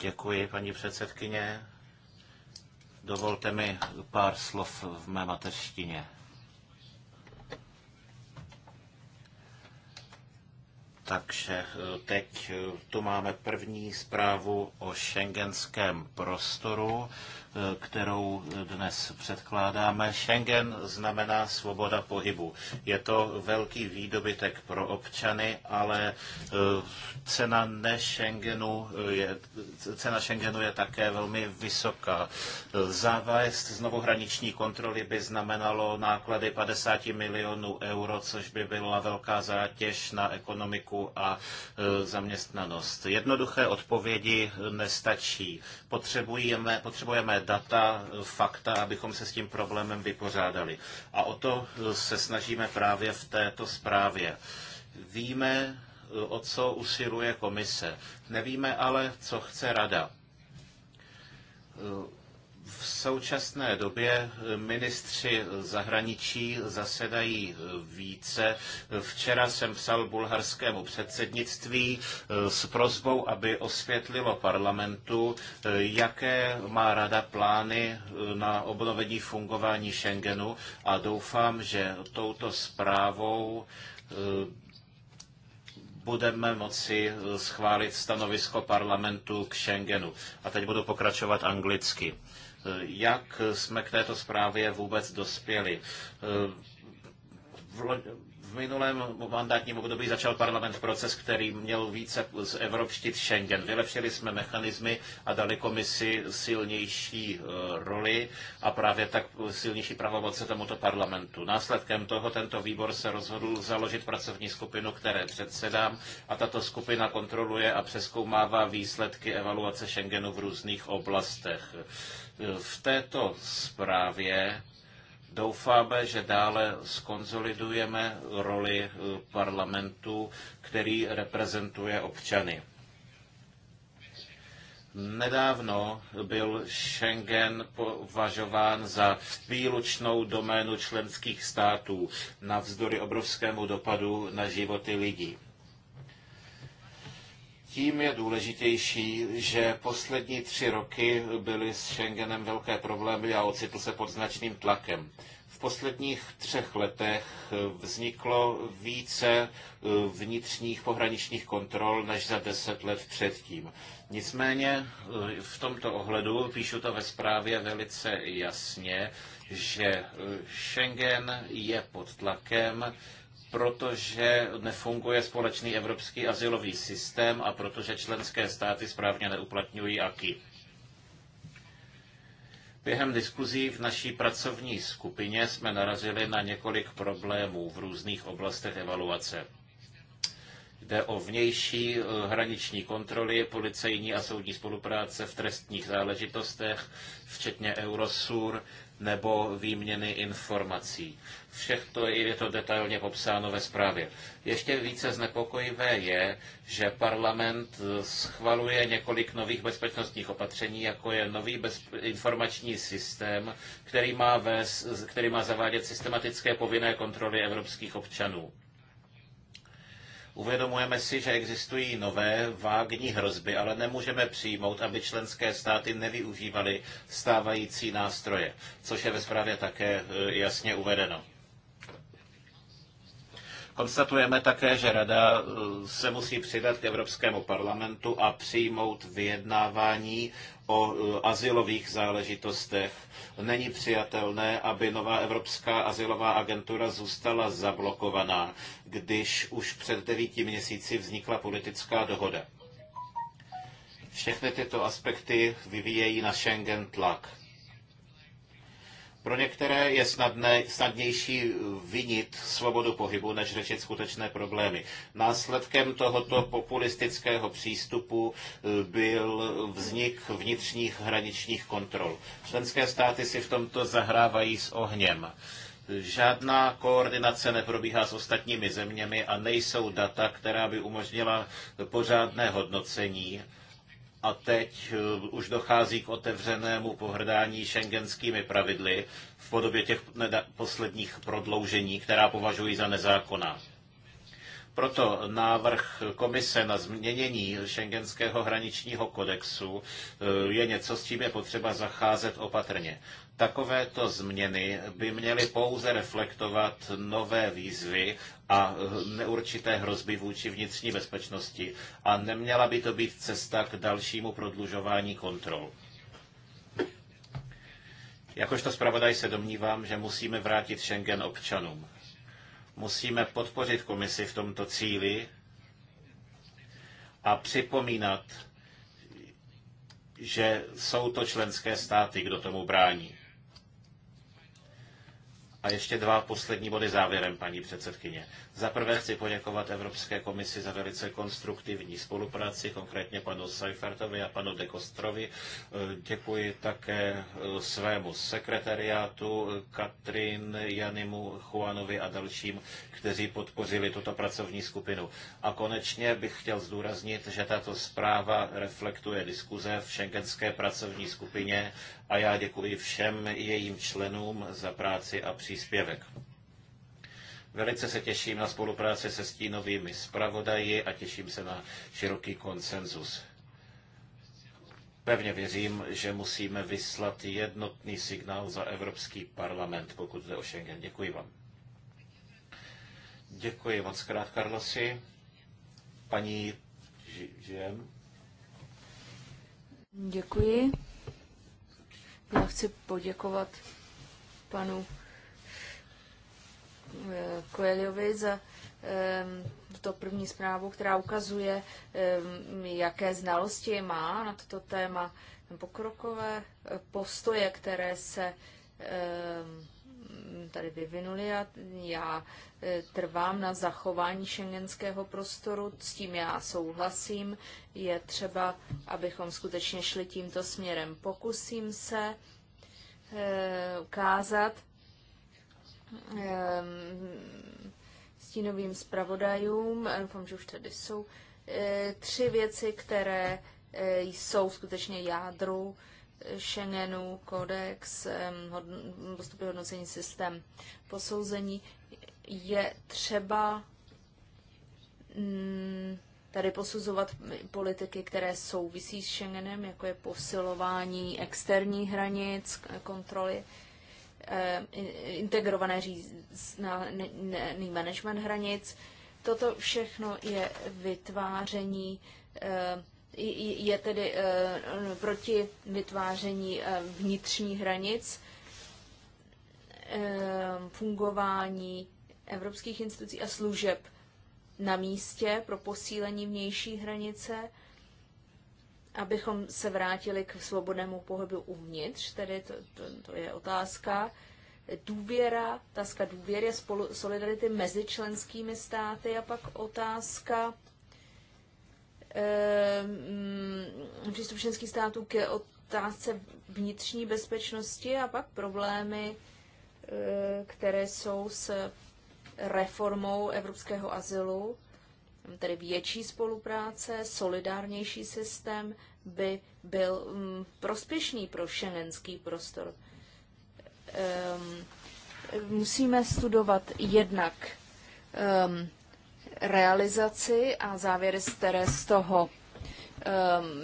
Děkuji, paní předsedkyně. Dovolte mi pár slov v mé mateřštině. Takže eh, teď eh, tu máme první zprávu o šengenském prostoru kterou dnes předkládáme. Schengen znamená svoboda pohybu. Je to velký výdobytek pro občany, ale e, cena ne Schengenu je, cena Schengenu je také velmi vysoká. Zavést znovu hraniční kontroly by znamenalo náklady 50 milionů euro, což by byla velká zátěž na ekonomiku a e, zaměstnanost. Jednoduché odpovědi nestačí. Potřebujeme, potřebujeme data, fakta, abychom se s tím problémem vypořádali. A o to se snažíme právě v této zprávě. Víme, o co usiluje komise. Nevíme ale, co chce rada v současné době eh, ministři zahraničí zasedají eh, více. Včera jsem psal bulharskému předsednictví eh, s prozbou, aby osvětlilo parlamentu, jaké má rada plány na obnovení fungování Schengenu a doufám, že touto zprávou budeme moci schválit stanovisko parlamentu k Schengenu. A teď budu pokračovat anglicky jak jsme k této zprávě vůbec dospěli. V minulém mandátním období začal parlament proces, který měl více z evropštit Schengen. Vylepšili jsme mechanismy a dali komisi silnější e, roli a právě tak silnější pravomoce tomuto parlamentu. Následkem toho tento výbor se rozhodl založit pracovní skupinu, které předsedám a tato skupina kontroluje a přeskoumává výsledky evaluace Schengenu v různých oblastech. V této zprávě Doufáme, že dále skonzolidujeme roli eh, parlamentu, který reprezentuje občany. Nedávno byl Schengen považován za výlučnou doménu členských států navzdory obrovskému dopadu na životy lidí tím je důležitější, že poslední tři roky byly s Schengenem velké problémy a ocitl se pod značným tlakem. V posledních třech letech vzniklo více eh, vnitřních pohraničních kontrol než za deset let předtím. Nicméně eh, v tomto ohledu, píšu to ve zprávě velice jasně, že eh, Schengen je pod tlakem, protože nefunguje společný evropský asilový systém a protože členské státy správně neuplatňují AKI. Během diskuzí v naší pracovní skupině jsme narazili na několik problémů v různých oblastech evaluace. Jde o vnější eh, hraniční kontroly, policejní a soudní spolupráce v trestních záležitostech, včetně Eurosur, nebo výměny informací. Všechno je to detailně popsáno ve zprávě. Ještě více znepokojivé je, že parlament eh, schvaluje několik nových bezpečnostních opatření, jako je nový informační systém, který má, vést, který má zavádět systematické povinné kontroly evropských občanů. Uvědomujeme si, že existují nové vágní hrozby, ale nemůžeme přijmout, aby členské státy nevyužívaly stávající nástroje, což je ve zprávě také e, jasně uvedeno. Konstatujeme také, že Rada eh, se musí přidat k Evropskému parlamentu a přijmout vyjednávání o eh, asilových záležitostech. Není přijatelné, aby nová Evropská asilová agentura zůstala zablokovaná, když už před devíti měsíci vznikla politická dohoda. Všechny tyto aspekty vyvíjejí na Schengen tlak pro některé je snadné, snadnější vinit svobodu pohybu, než řešit skutečné problémy. Následkem tohoto populistického přístupu eh, byl vznik vnitřních hraničních kontrol. Členské státy si v tomto zahrávají s ohněm. Žádná koordinace neprobíhá s ostatními zeměmi a nejsou data, která by umožnila pořádné hodnocení a teď eh, už dochází k otevřenému pohrdání šengenskými pravidly v podobě těch posledních prodloužení, která považují za nezákonná. Proto návrh komise na změnění šengenského hraničního kodexu eh, je něco, s čím je potřeba zacházet opatrně. Takovéto změny by měly pouze reflektovat nové výzvy a eh, neurčité hrozby vůči vnitřní bezpečnosti a neměla by to být cesta k dalšímu prodlužování kontrol. Jakožto zpravodaj se domnívám, že musíme vrátit Schengen občanům. Musíme podpořit komisi v tomto cíli a připomínat, že jsou to členské státy, kdo tomu brání. A ještě dva poslední body závěrem, paní předsedkyně. Za prvé chci poděkovat Evropské komisi za velice konstruktivní spolupráci, konkrétně panu Seifertovi a panu Dekostrovi. Děkuji také eh, svému sekretariátu eh, Katrin, Janimu, Juanovi a dalším, kteří podpořili tuto pracovní skupinu. A konečně bych chtěl zdůraznit, že tato zpráva reflektuje diskuze v šengenské pracovní skupině a já děkuji všem jejím členům za práci a příspěvek. Velice se těším na spolupráci se stínovými zpravodaji a těším se na široký konsenzus. Pevně věřím, že musíme vyslat jednotný signál za Evropský parlament, pokud jde o Schengen. Děkuji vám. Děkuji moc krát, Karlosi. Paní žijem. Děkuji. Já chci poděkovat panu Koeliovi eh, za ehm, to první zprávu, která ukazuje, ehm, jaké znalosti má na toto téma pokrokové postoje, které se ehm, tady vyvinuli a já e, trvám na zachování šengenského prostoru, s tím já souhlasím. Je třeba, abychom skutečně šli tímto směrem. Pokusím se e, ukázat e, stínovým zpravodajům, doufám, že už tady jsou, tři věci, které jsou skutečně jádru Schengenu, kodex, postupy hodnocení systém posouzení, je třeba mm, tady posuzovat politiky, které souvisí s Schengenem, jako je posilování externích hranic, kontroly, integrované řízení management hranic. Toto všechno je vytváření je tedy eh, proti vytváření eh, vnitřních hranic, eh, fungování evropských institucí a služeb na místě pro posílení vnější hranice, abychom se vrátili k svobodnému pohybu uvnitř, tedy to, to, to je otázka. Důvěra, otázka důvěry solidarity mezi členskými státy a pak otázka Ehm, přístup členských států k otázce vnitřní bezpečnosti a pak problémy, eh, které jsou s reformou evropského azylu, tedy větší spolupráce, solidárnější systém by byl mm, prospěšný pro šengenský prostor. Ehm, musíme studovat jednak ehm, realizaci a závěry, které z toho um,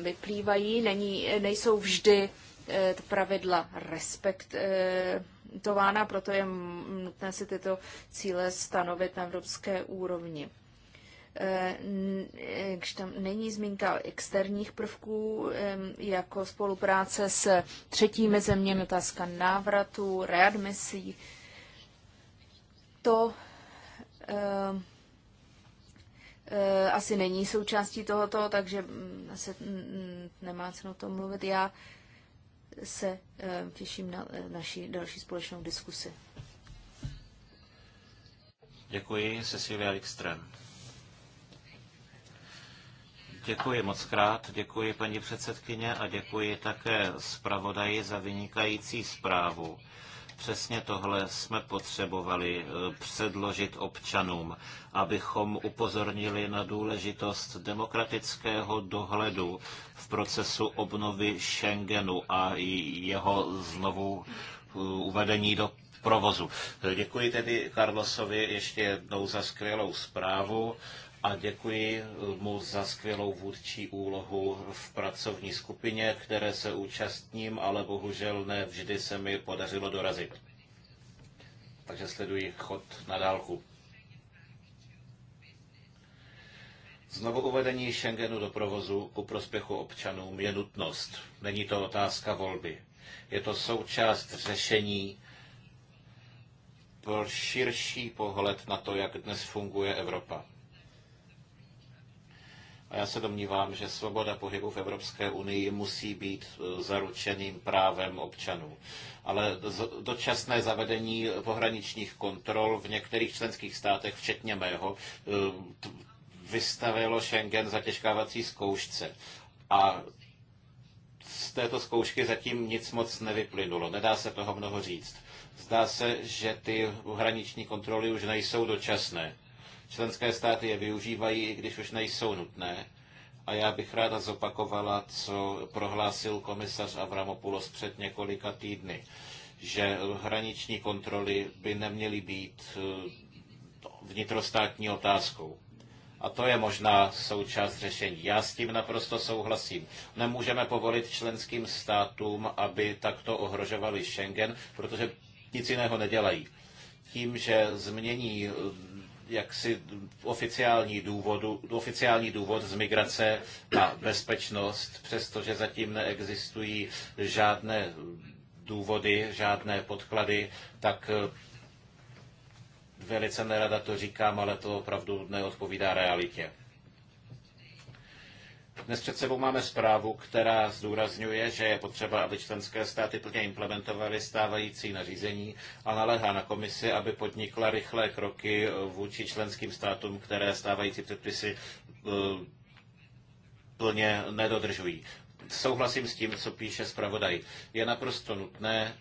vyplývají, není, nejsou vždy eh, pravidla respektována, eh, proto je nutné si tyto cíle stanovit na evropské úrovni. Eh, když tam není zmínka o externích prvků, ehm, jako spolupráce s třetími zeměmi, otázka návratu, readmisí, to ehm, E, asi není součástí tohoto, takže mm, se mm, mm, nemá cenu o tom mluvit. Já se e, těším na e, naši další společnou diskusi. Děkuji, Cecilia Wikström. Děkuji moc krát, děkuji paní předsedkyně a děkuji také zpravodaji za vynikající zprávu Přesně tohle jsme potřebovali eh, předložit občanům, abychom upozornili na důležitost demokratického dohledu v procesu obnovy Schengenu a jeho znovu eh, uvedení do provozu. Eh, děkuji tedy Carlosovi ještě jednou za skvělou zprávu a děkuji mu za skvělou vůdčí úlohu v pracovní skupině, které se účastním, ale bohužel ne vždy se mi podařilo dorazit. Takže sleduji chod na dálku. Znovu uvedení Schengenu do provozu ku prospěchu občanům je nutnost. Není to otázka volby. Je to součást řešení pro širší pohled na to, jak dnes funguje Evropa. A já se domnívám, že svoboda pohybu v Evropské unii musí být e, zaručeným právem občanů. Ale dočasné zavedení pohraničních kontrol v některých členských státech, včetně mého, e, vystavilo Schengen zatěžkávací zkoušce. A z této zkoušky zatím nic moc nevyplynulo. Nedá se toho mnoho říct. Zdá se, že ty hraniční kontroly už nejsou dočasné Členské státy je využívají, když už nejsou nutné. A já bych ráda zopakovala, co prohlásil komisař Avramopoulos před několika týdny, že hraniční kontroly by neměly být eh, vnitrostátní otázkou. A to je možná součást řešení. Já s tím naprosto souhlasím. Nemůžeme povolit členským státům, aby takto ohrožovali Schengen, protože nic jiného nedělají. Tím, že změní eh, jaksi oficiální, důvodu, oficiální důvod z migrace na bezpečnost, přestože zatím neexistují žádné důvody, žádné podklady, tak eh, velice nerada to říkám, ale to opravdu neodpovídá realitě. Dnes před sebou máme zprávu, která zdůrazňuje, že je potřeba, aby členské státy plně implementovaly stávající nařízení a naléhá na komisi, aby podnikla rychlé kroky vůči členským státům, které stávající předpisy eh, plně nedodržují. Souhlasím s tím, co píše zpravodaj. Je naprosto nutné,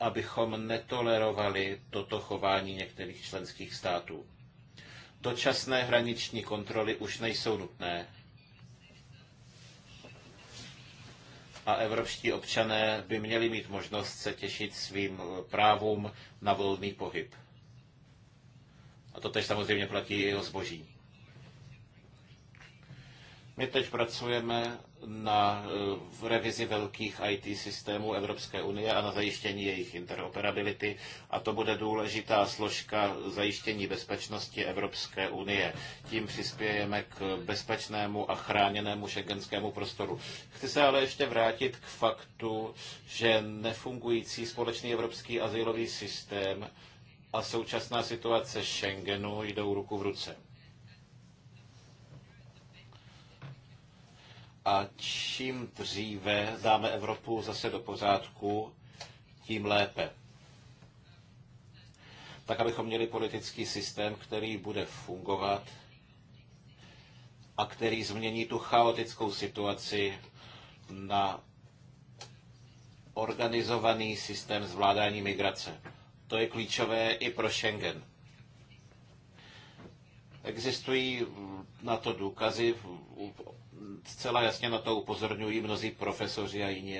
abychom netolerovali toto chování některých členských států. Dočasné hraniční kontroly už nejsou nutné a evropští občané by měli mít možnost se těšit svým právům na volný pohyb. A to tež samozřejmě platí i o zboží. My teď pracujeme na eh, v revizi velkých IT systémů Evropské unie a na zajištění jejich interoperability a to bude důležitá složka zajištění bezpečnosti Evropské unie. Tím přispějeme k bezpečnému a chráněnému šengenskému prostoru. Chci se ale ještě vrátit k faktu, že nefungující společný evropský azylový systém a současná situace Schengenu jdou ruku v ruce. A čím dříve dáme Evropu zase do pořádku, tím lépe. Tak, abychom měli politický systém, který bude fungovat a který změní tu chaotickou situaci na organizovaný systém zvládání migrace. To je klíčové i pro Schengen. Existují na to důkazy zcela jasně na to upozorňují mnozí profesoři a jiní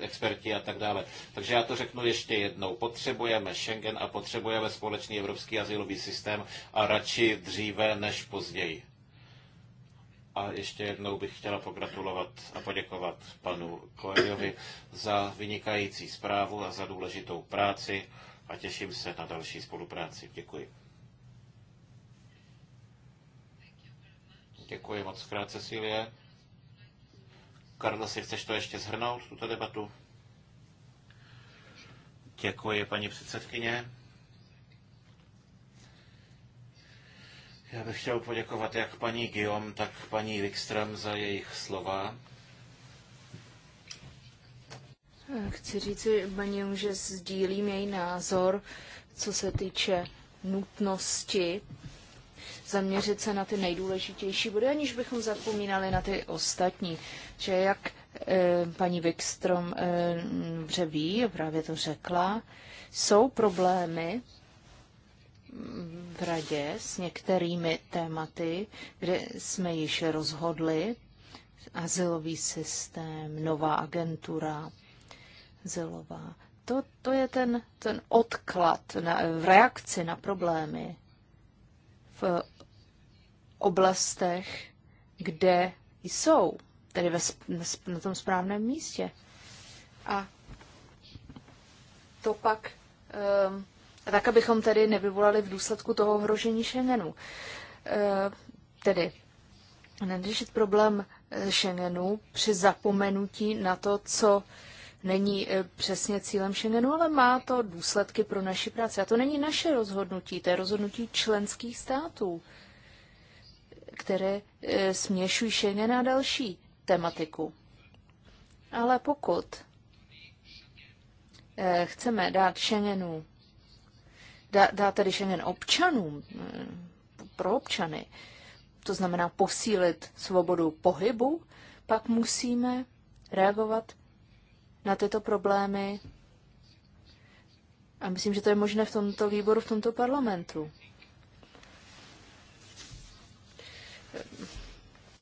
experti a tak dále. Takže já to řeknu ještě jednou. Potřebujeme Schengen a potřebujeme společný evropský asilový systém a radši dříve než později. A ještě jednou bych chtěla pogratulovat a poděkovat panu Koeliovi za vynikající zprávu a za důležitou práci a těším se na další spolupráci. Děkuji. Děkuji moc krát, Cecilie. Karlo, si chceš to ještě zhrnout, tuto debatu? Děkuji, paní předsedkyně. Já bych chtěl poděkovat jak paní Giom, tak paní Wikström za jejich slova. Chci říct paní, že sdílím její názor, co se týče nutnosti zaměřit se na ty nejdůležitější body, aniž bychom zapomínali na ty ostatní. Že jak eh, paní Wikstrom eh, dobře ví, právě to řekla, jsou problémy v radě s některými tématy, kde jsme již rozhodli, azylový systém, nová agentura azylová. To, to je ten, ten odklad na, v reakci na problémy v oblastech, kde jsou, tedy ve, na tom správném místě. A to pak, e, tak abychom tedy nevyvolali v důsledku toho ohrožení Schengenu. E, tedy neřešit problém eh, Schengenu při zapomenutí na to, co není eh, přesně cílem Schengenu, ale má to důsledky pro naši práci. A to není naše rozhodnutí, to je rozhodnutí členských států které e, směšují Schengen na další tematiku. Ale pokud e, chceme dát šeněnu, dá, tedy šeněn občanům, e, pro občany, to znamená posílit svobodu pohybu, pak musíme reagovat na tyto problémy. A myslím, že to je možné v tomto výboru, v tomto parlamentu.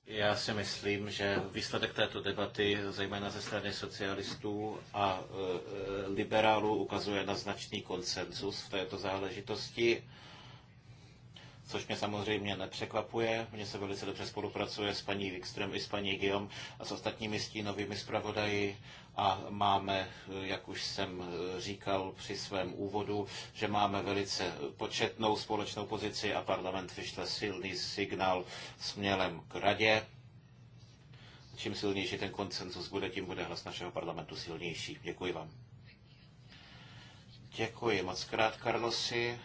Já si myslím, že výsledek této debaty, zejména ze strany socialistů a e, e, liberálů, ukazuje na značný konsenzus v této záležitosti což mě samozřejmě nepřekvapuje. Mně se velice dobře spolupracuje s paní Wikström i s paní Guillaume a s ostatními stínovými zpravodaji a máme, jak už jsem říkal při svém úvodu, že máme velice početnou společnou pozici a parlament vyšle silný signál směrem k radě. Čím silnější ten koncenzus, bude, tím bude hlas našeho parlamentu silnější. Děkuji vám. Děkuji moc krát, Karlosi.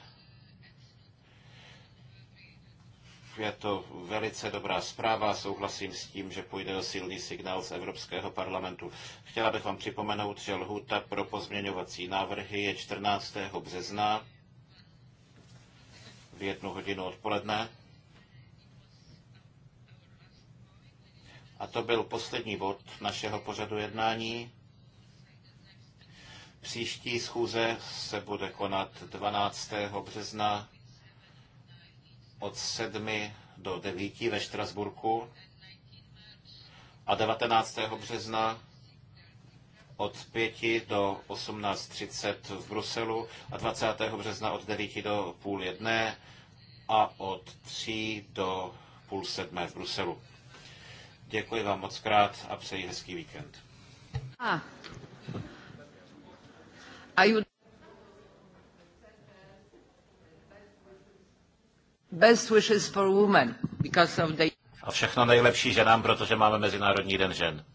je to velice dobrá zpráva, souhlasím s tím, že půjde o silný signál z Evropského parlamentu. Chtěla bych vám připomenout, že lhůta pro pozměňovací návrhy je 14. března v jednu hodinu odpoledne. A to byl poslední bod našeho pořadu jednání. Příští schůze se bude konat 12. března od 7 do 9 ve Štrasburku a 19. března od 5 do 18.30 v Bruselu a 20. března od 9 do půl jedné a od 3 do půl sedmé v Bruselu. Děkuji vám moc krát a přeji hezký víkend. A. Ah. A Best wishes for women because of the... A všechno nejlepší ženám, protože máme Mezinárodní den žen.